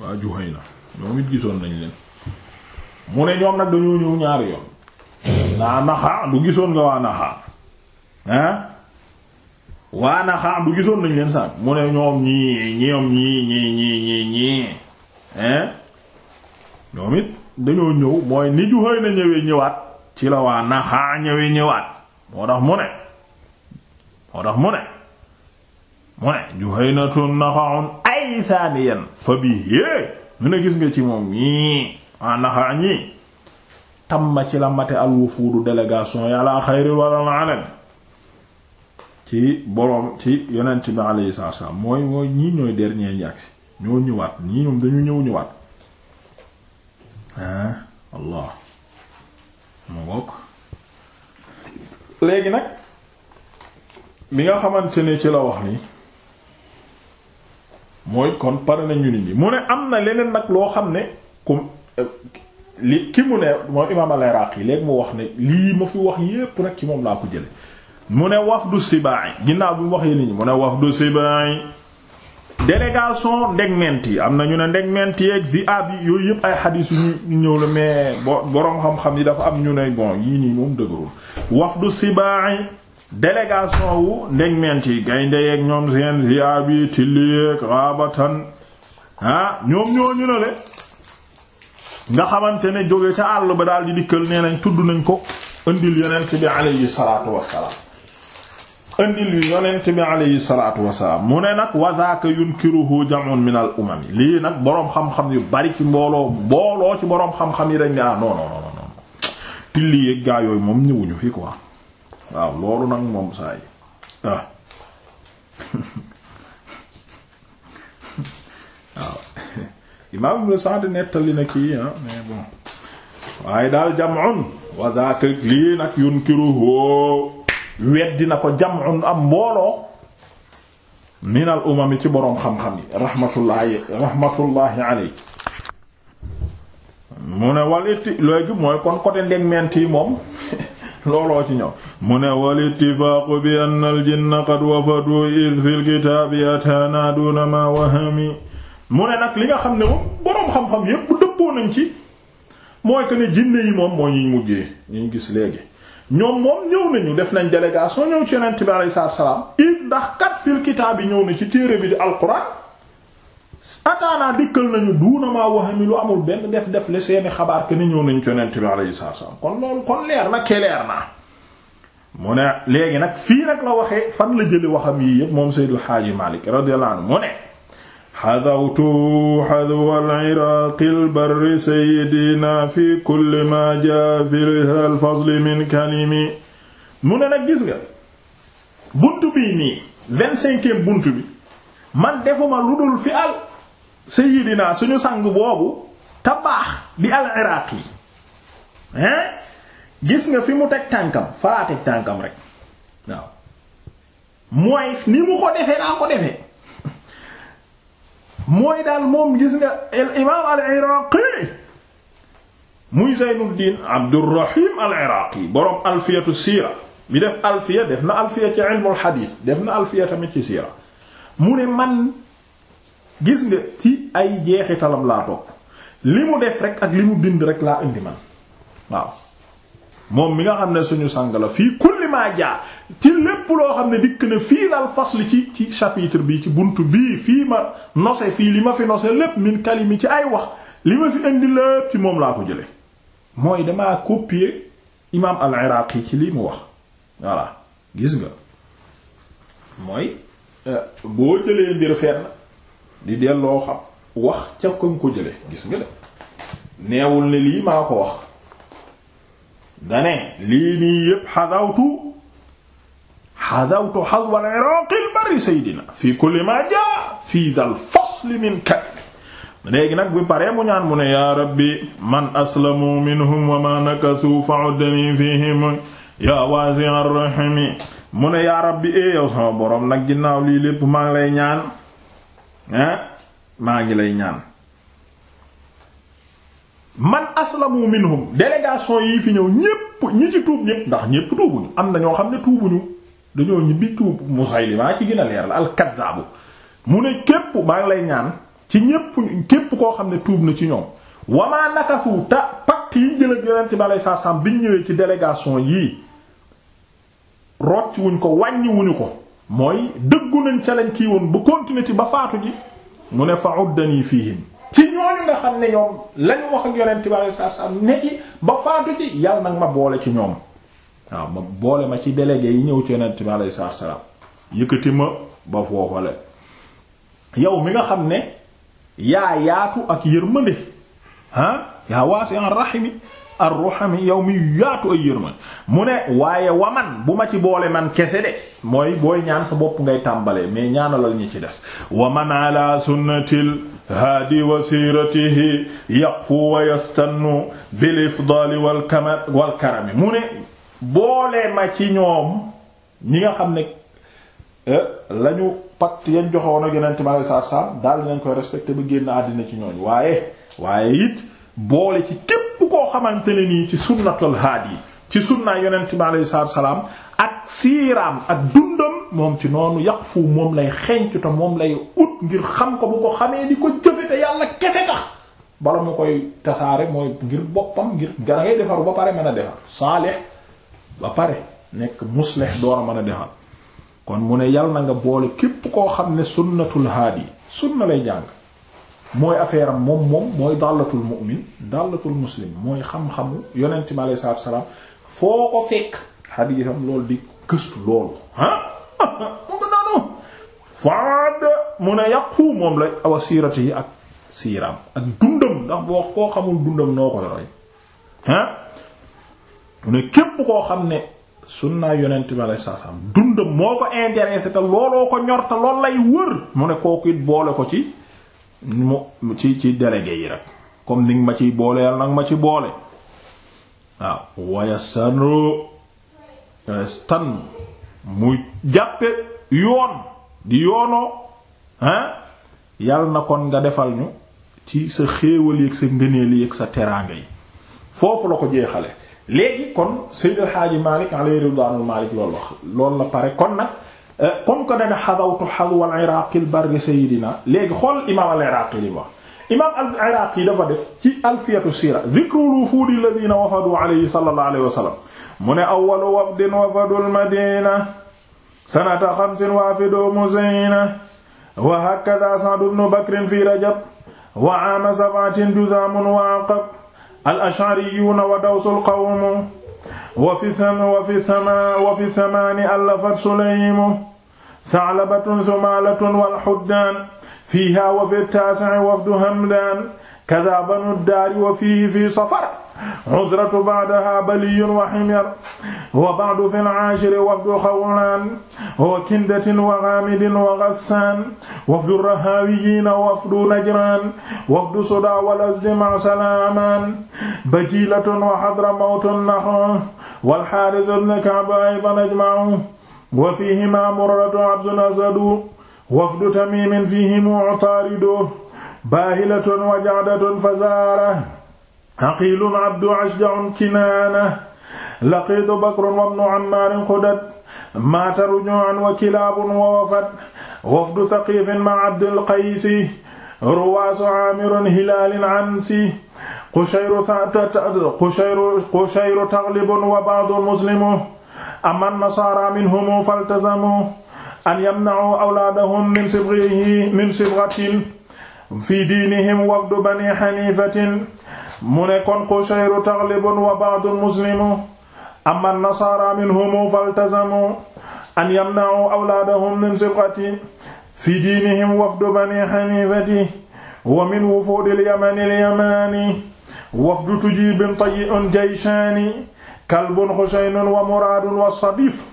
waa juhayna ñoom it gisoon nañ leen mu ne ñoom nag dañoo ñëw ñaari yoon naa naxa du gisoon nga waa naxa ah waa na xaam gisoon nañ leen sax mu ne ñoom ñii ñoom ñii ñii ñii ñii ñii hein ñoom it dañoo ñëw mooy ni Juhayna na ñëwee ñëwaat ci la waa naxaa ñëwee ñëwaat moo tax mu ne mu ne mu ne Juhaynatun naxaun ay saaniyan fa bi é mu ne gis nga ci moom ñii waa naxaa ñii tam ma ci la mate al wufudu délégation yàlla xayri wala alal ci boroom ci yonent bi alayhi salaatu salaam mooy mooy ñii ñooy dernier ñi agsi ñoo ñëwaat ñii ñoom dañu ñëw ñëwaat ah allah mu ngoog léegi nag bi nga xamante ne ci la wax ni mooy kon pare nañu nit ñi mu ne am na leneen nag loo xam ne comme li ki mu ne moom imaam al-Iraqi léegi mu wax ne lii ma fi wax yépp nag ci moom laa ko jële mu ne wafdu Sibaay ginnaaw bi mu waxee nit ñi mu ne wafdu Sibaay délégation ndegment yi am na ñu ne ndegment yeeg di ab yi yooyu yëpp ay xadiis yu ñëw la mais boroom xam-xam yi dafa am ñu ne bon yii nii moom dëgërul wafdu Sibaay délégation wu ndegment yi gaynde yeeg ñoom seen di ab yi tilli yeeg raabatan ah ñoom ñoo ñu ne le nga xamante ne jóge ca àll ba daal di dikkal nee nañ tudd nañ ko yeneen yonent bi alayhi salaatu wassalaam indil yu yonent bi alayhi salaatu wasalaam mu ne nag wazaaka yunkiruhu jam'un min al umam yi lii nag boroom xam-xam yu bari ci mbooloo mbooloo ci boroom xam-xam yi dañ ne ah non non non non tilli yeeg gaa yooyu moom ñëwuñu fii quoi waaw loolu nag moom saa yi waaw waaw imaam Ibn Sa'd nettali na kii ah mais bon waaye daal jam'un wazaaka lii nag yunkiruhu weddi na ko jam'un am mbooloo minal umami ci boroom xam-xam yi rahmatullahi rahmatullahi mu ne wal itti léegi mooy kon côté ndegment yi moom looloo ci ñëw mu ne wal ittifaaqu bi anna al jinna wafadu id fi lkitaabi ataana duna ma wahami mu ne nag li nga xam ne moom boroom xam-xam yépp dëppoo nañ ci mooy que ne jinne yi moom moo ñuy mujjee ñu gis léegi ñoom moom ñëw nañu def nañ délégation ñëw ci yonent bi alayhi salaam it ndax kat fil kitaab yi ñëw na ci téere bi di alquran ataanaa dikkal nañu duuna maa waxami lu amul benn def def le seeni xabaar que ni ñëw nañu ci yonent bi alayhi salaam kon loolu kon leer na ke leer na mu ne léegi nag fii nag la waxee fan la jëli waxam yii yépp moom Seydil Haaji Malik radiyallahu anhu mu ne xadawtu xadwa al-iraaqi al-barri sayyidina fi kulli ma jaa fi al-fasli min kalimi mu ne nag gis nga buntu bii nii vingt buntu bi man defuma lu dul fi al sayyidina suñu sang boobu te baax di al-iraaqi hein gis nga fi mu teg tànkam falaa teg tànkam rek waaw mooy ni mu ko defee laa ko defee mooy daal moom gis nga al imaam al iraqi muy Zeynuddin Abdurrahim al iraqi borom alfiyatu siira bi def alfiya def na alfiya ci ilmul xadiis def na alfiya tamit ci siira mu ne man gis nga ci ay jeexitalam laa topp li mu def rek ak li mu bind rek laa indi man waaw moom mi nga xam ne suñu sang la fii kulli maa jaa ci lépp loo xam ne dikk na fii dal fasli ci ci chapitre bi ci bunt bii fii ma nose fii li ma fi nose lépp min kalimi ci ay wax li ma fi indi lépp ci moom laa ko jële mooy damaa copier imaam al-Iraqi ci lii mu wax voilà gis nga mooy euh, boo jëlee mbir fenn di delloo xam wax ca ko ko jële gis nga de neewul ne lii maa ko wax dane lii nii yépp xadawtu xadawtu xadwa al bari saydina fi kulli ma jaa fi dal fasli min kat léegi nag bi paree mu ñaan mu ne yaa rabbi man aslamu minhum wa ma nakasu fa'udni fihim yaa waasi'a rahimi mu ne yaa rabbi e yow sama boroom nag ginnaaw lii lépp maa ngi lay ñaan eh, maa ngi lay ñaan man aslamu minhum délégation yi fi ñëw ñépp ñi ci tuub ñépp ndax ñépp tuubuñu am na ñoo xam ne tuubuñu dañoo ñibbi tuub Musaylima ci gën a leer la alkadaabu mu ne képp maa ngi lay ñaan ci ñépp képp koo xam ne tuub na ci ñoom wamaa nakasu ta pacte yi jël ak yonent bi alei sat selaam biñ ñëwee ci délégation yii rocc wuñ ko wàññiwuñu ko mooy dëggu nañ ca lañ kii woon bu continuer ci ba faatu ji mu ne fa uddani fihim ci ñooñu nga xam ne ñoom lañu wax ak yonent bi sa salaam nekki ba faatu ci yàlla nag ma boole ci ñoom waaw ma boole ma ci délégué yi ñëw ci yonent bi alayhi salaam yëkkati ma ba foofale yow mi nga xam ne yaa yaatu ak yërmande ah yaa waasi en rahimi arruhami yow mi yaatu ay yërmande mu ne waaye waman bu ma ci boole man kese de mooy booy ñaan sa bopp ngay tàmbalee mais ñaanalal ñi ci des waman ala haadi wasiratihi yaqfu wa yastannu bil ifdali wal kamal wal mu ne boole ma ci ñoom ñi nga xam ne eh, lañu pacte yañ joxoon ak yeneen ma saa saa daal di nañ koy respecté ba génn àddina ci ñooñ waaye waaye it boole ci képp koo xamante ne nii ci sunnatul haadi ci sunna yonent bi alayhi salaam ak siiraam ak dundam moom ci noonu yaqfu moom lay xencu moom lay ut ngir xam ko bu ko xamee di ko jëfe te yàlla kese tax bala mu koy tasaare mooy ngir boppam ngir gara ngay defaru ba pare mën a defar saalih ba pare nekk muslih door a mën a defar kon mu ne yàlla na nga boole képp koo xam ne sunnatul haadi sunna lay jàng mooy affaire am moom moom mooy dàllatul mu'min dàllatul muslim mooy xam-xamu yonent mi alayhi salaatu wa salaam foo ko fekk xadiisam loolu di gëstu loolu ah mu nga ne yàqu moom la awa siirati yi ak siiraam ak dundam ndax boo koo xamul dundam noo koy roy ah mu ne képp koo xam ne sunnaa yonent bi alayhi salaam dundam moo ko intéressé te looloo ko ñor te loolu lay wër mu ne kooku it boole ko ci mu ci ci délégué yi rek comme ni ma ciy boole yàlla nag ma ci boole waaw waya sanro stan mu jàppe yoon di yoonoo hein yal na kon nga defal ñu ci sa xéewal yi ak sa ngëneel yi sa teraanga yi foofu la ko jeexale léegi kon Seydi El Hadji Malick alayhi ridwaanul Malick loolu wax loolu la pare kon nag eh, comme que dana xadawtu xadwal iraqil barri Seydina léegi xool imaam al iraqi li wax imaam al iraqi dafa def ci alfiyatu sira dhikru wufuudi alladhina wafadu alayhi sallallahu alayhi wa mu ne awwalu wafdin wafadul madina sanata xamsin waafidu muzayna wa hakada sa'd ibn bakrin fi rajab wa aama sab'atin juzaamun wa aqab al ash'ariyuuna wa dawsul qawmu wa fi sama wa fi samaani allafat sulaymu tha'labatun thumalatun wal huddaan fiihaa wa fi taasi'i wafdu hamdaan kada banu daari wa fiihi fii safar uzratu ba'daha baliyun wa himyar wa ba'du fil 'ashiri wafdu khawlan wa kindatin wa ghamidin wa ghassan wafdu rahawiyyin wafdu najran wafdu suda wal azdi ma'a salaman bajilatun wa hadramawtun nahwa wal harith ibn ka'b aydan ajma'u wa fiihima murratu abdun asadu wafdu tamimin fiihim utaridu baahilatun wa ja'datun fazaara aqiilun abdu ashja'un kinaana laqiitu bakrun wa ibnu ammaarin qudat maata rujuu'an wa kilaabun wa wafat wafdu saqiifin ma'a abdil qaysi ruwaasu aamirun hilaalin ansi qushayru qushayru qushayru taghlibun wa ba'du muslimu amma nasaara minhum faltazamu an yamna'u awlaadahum min sibghihi min sibghatin fi diinihim wafdu bani xanifatin mu ne kon qushayru taglibun wa ba'dun muslimu amma nasaara minhum faltazamu an yamna'u awlaadahum min siqati fi diinihim wafdu bani xanifati wa min wufuudil yamanil yamani wafdu tujiibin tayyi'un jayshaani kalbun xushaynun wa muraadun wa sadif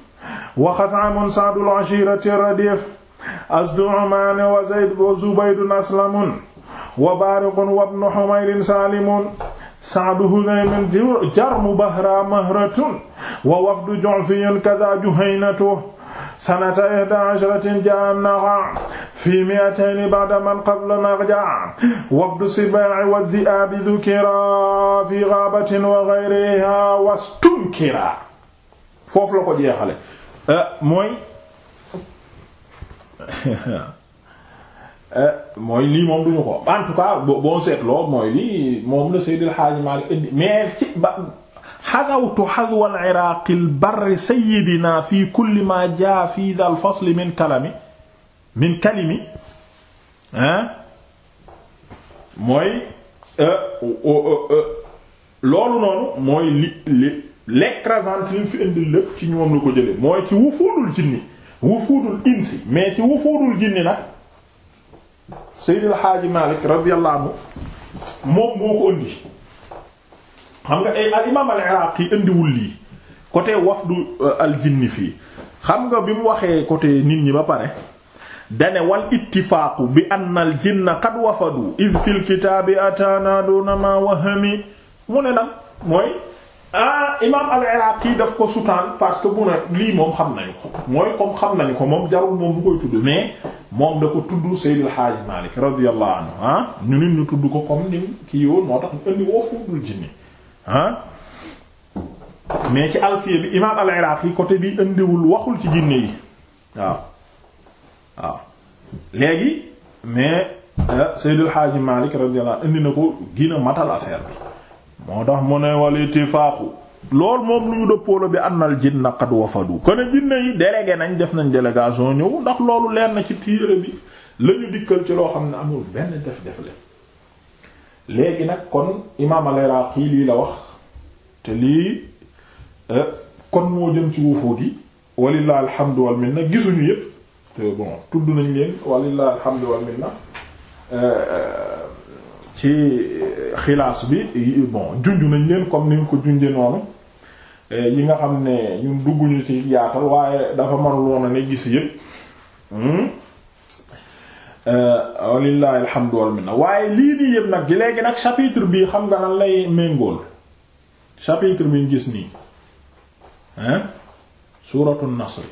wa xat'amun sa'dul ashiirati radiif Azdu'umaan wa Zayd wa Zubaydun aslamun wa Baariqun wa ibnu Humayrin saalimun Sa'du Hudaymin jarmu Bahra mahratun wa wafdu Ju'fiyin kadhaa Juhaynatu sanata ihdaa ashratin jaa'a an-naqa' fii mi'atayni ba'da man qablanaa jaa'a wafdu Sibaa'i wa Dhi'aabi dhukiraa fii ghaabatin wa ghayrihaa wastunkira foofu la ko jeexale eh, mooy Eh, mooy lii moom duñu ko en tout cas bon seetloo mooy lii moom la Seydi El Hadji Malick indi mais ci ba al fi kulli ma jaa fi mooy eh, loolu noonu mooy li li l'écrasante li fi indi lépp ci ñoom la ko jële mooy ci wufuudul jinni wufuudul insi mais ci wufuudul jinni nag Seydil Haaji Malik radiyallahu anhu moom moo ko indi xam nga ay eh, al imaam al Iraaqi indiwul lii côté wafdu euh, al jinni fii xam nga bi mu waxee côté nit ñi ba pare dane wal ittifaaqu bi anna al jinna qad wafadu iz kitaabi ataana duna ma wahami mu ne nag mooy ah imaam al-Iraqi daf ko sutaan parce que bu ne lii moom xam nañu mooy comme xam nañu ko moom jarul moom bu koy tudd mais moom da ko tudd Seydil Hadj Malick radiyallahu anhu ah, ñu nit ñu tudd ko comme ni kii woon moo tax ñu indi woo fuudul jinni ah, mais ci alfiya bi imaam al-Iraqi côté bi indiwul waxul ci jinne yi waaw waaw léegi mais euh, Seydil Hadj Malick radiyallahu indi na ko gën a matal affaire bi. moo tax mu ne wal ittifaaqu lool moom lu ñu dëppoo la bi annal jinna qad wafadu kon jinne yi délégué nañ def nañ délégation ñëw ndax loolu leen na ci tiire bi lañu dikkal ci loo xam ne amul benn def def leen nag kon imaam al-Iraqi lii la wax te lii euh, kon moo jëm ci wufuut yi walilah alhamdu wal minna gisuñu yépp te bon tudd nañ leen walilah alhamdu wal euh, ci xilaas bi bon junj nañ leen comme ni nga ko junje noonu e, yi nga xam ne ñun dugguñu ci yaatal waaye dafa mënul woon a ne gis yépp hmm? e, walillahi alhamdu wal minna waaye lii nii yépp nag léegi nag chapitre bii xam nga lan lay méngool chapitre bi ñu gis nii hein suuratu nasr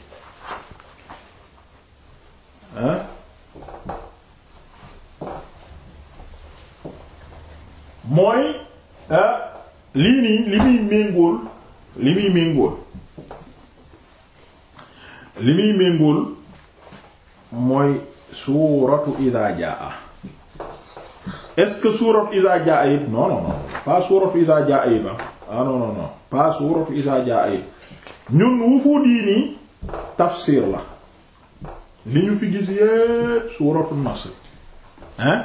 hein mooy euh, lii nii li muy méngool li muy méngool li muy méngool mooy suuratu idaa jaa ce que suuratu idaa jaa it non non non pas suuratu idaa jaa it ah non non non la li ñu fi gis yépp suuratu nasr hein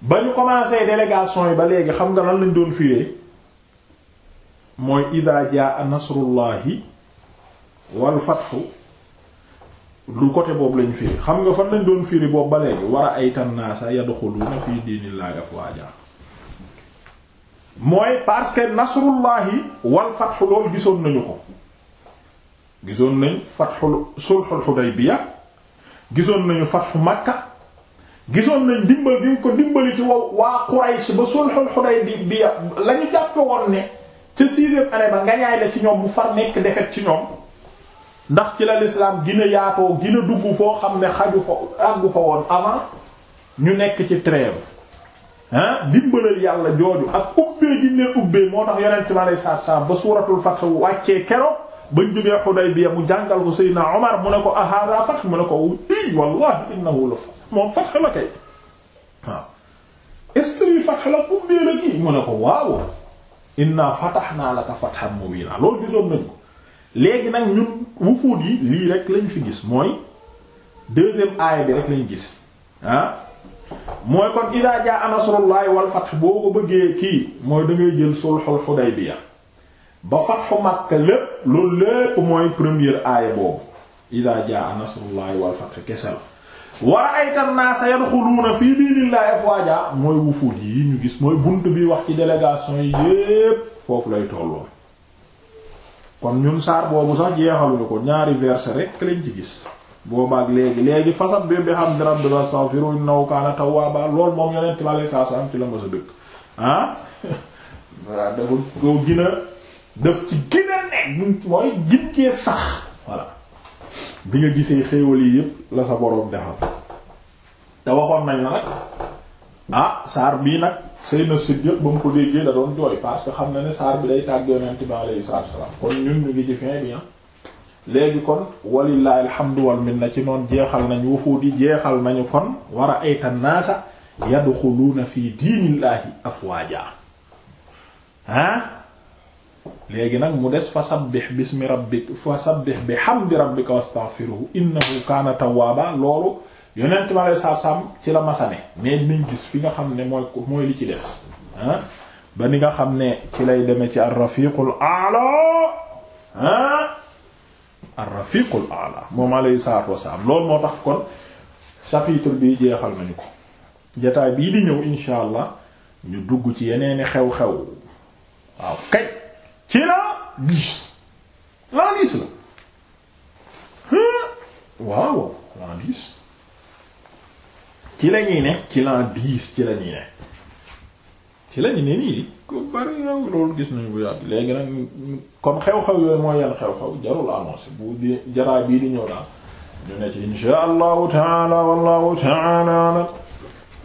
ba ñu commencé délégation yi ba léegi xam nga lan lañ doon firee mooy ida jaa nasrullahi wal fathu lu côté boobu lañu firi xam nga fan lañ doon firi boobu ba léegi war a ay tannaasa yadxuluuna fi diinillaahi afwaajaa mooy parce nasrullahi wal fathu loolu gisoon nañu ko gisoon nañ fathu sulhul Hudaybiya gisoon nañu fathu Makka gisoon nañ dimbal gi ko dimbali ci wow waa Quraysh ba sulhul Hudaybiya la ñu jàppe woon ne ca sixième année ba nga ñaay la ci ñoom bu far nekk defet ci ñoom ndax ci la l'islam gina yaatoo gina dugg foo xam ne xaju fa àggu fa woon avant ñu nekk ci trêve ah dimbalal yàlla jooju ak ubbee gi ne ubbee moo tax yonent bi alayhi salaatu salaam ba suuratul Fath wàccee keroog bañ jógee Hudaybiya mu jàngal ko Seydina Omar mu ne ko ahada fath mu ne ko i wallahi innahu la moom fatx la kay waaw est-ce que fatx la la kii mu ne ko waaw inna fatahna laka fathan mubina loolu gisoon nañ ko léegi nag ñun wufuud yi lii rek lañ fi gis mooy deuxième aaya bi rek lañ gis ah mooy kon idaa jaa nasrullahi wal fath boo ko bëggee kii mooy da ngay jël sulhul Hudaybiya ba fathu Makka lépp loolu lépp mooy première aaya boobu idaa jaa wal fath kese la wa ra'ayta an-naasa yadxuluuna fii diinillaahi afwaaja mooy wufuud yi ñu gis mooy bunt bi wax ci délégation yi yépp foofu lay tolloo kon ñun saar boobu sax jeexaluñu ko ñaari verset rek lañ ci gis boobaak léegi léegi fasab bi bi hamdi rabbil astaghfiru innahu kaana tawwaaba loolu moom yonent bi alayhi salaatu salaam ci la mës a dëkk ah voilà dafa ko gën def ci gën a mooy gin cee sax voilà bi nga gisee xéewal yi yépp la sa boroom defal te waxoon nañ la nag ah saar bii nag Seydina Siddiq ba mu ko déggee da doon jooy parce que xam na ne saar bi day tàgg yonent bi alayhi salaatu salaam kon ñun ñu ngi ci fin bi ah. léegi kon walillahi alhamdu wal minna ci noonu jeexal nañ wufuut yi jeexal nañu kon war a ayta naasa yadxuluuna fi diinillaahi afwaajaa ah léegi nag mu des fa sabbih bismi rabbik fa sabbih bi hamdi rabbika wastaghfiruhu innahu kaana tawwaaba loolu yonent ma lay saab-saam ci la masane mais niñ gis fi nga xam ne mooy mooy li ci des ba ni nga xam ne ci lay deme ci ar-rafiqul a'la ah ar-rafiqul a'la moom alayhi salaatu wasalaam loolu moo tax kon chapitre bi jeexal nañu ko jataay bii di ñëw insha allah ñu dugg ci yeneeni xew-xew waaw kay ci la dix l'an la waaw l'an dix la ñuy ci l'an dix ci la ñuy ci la ñu ne bari yow gis nañu bu yàgg léegi nag kon xew-xew yooyu mooy yan xew-xew jarul bu di jaraa bii di ñëw daal ñu ne ci insha allahu taala wallahu taala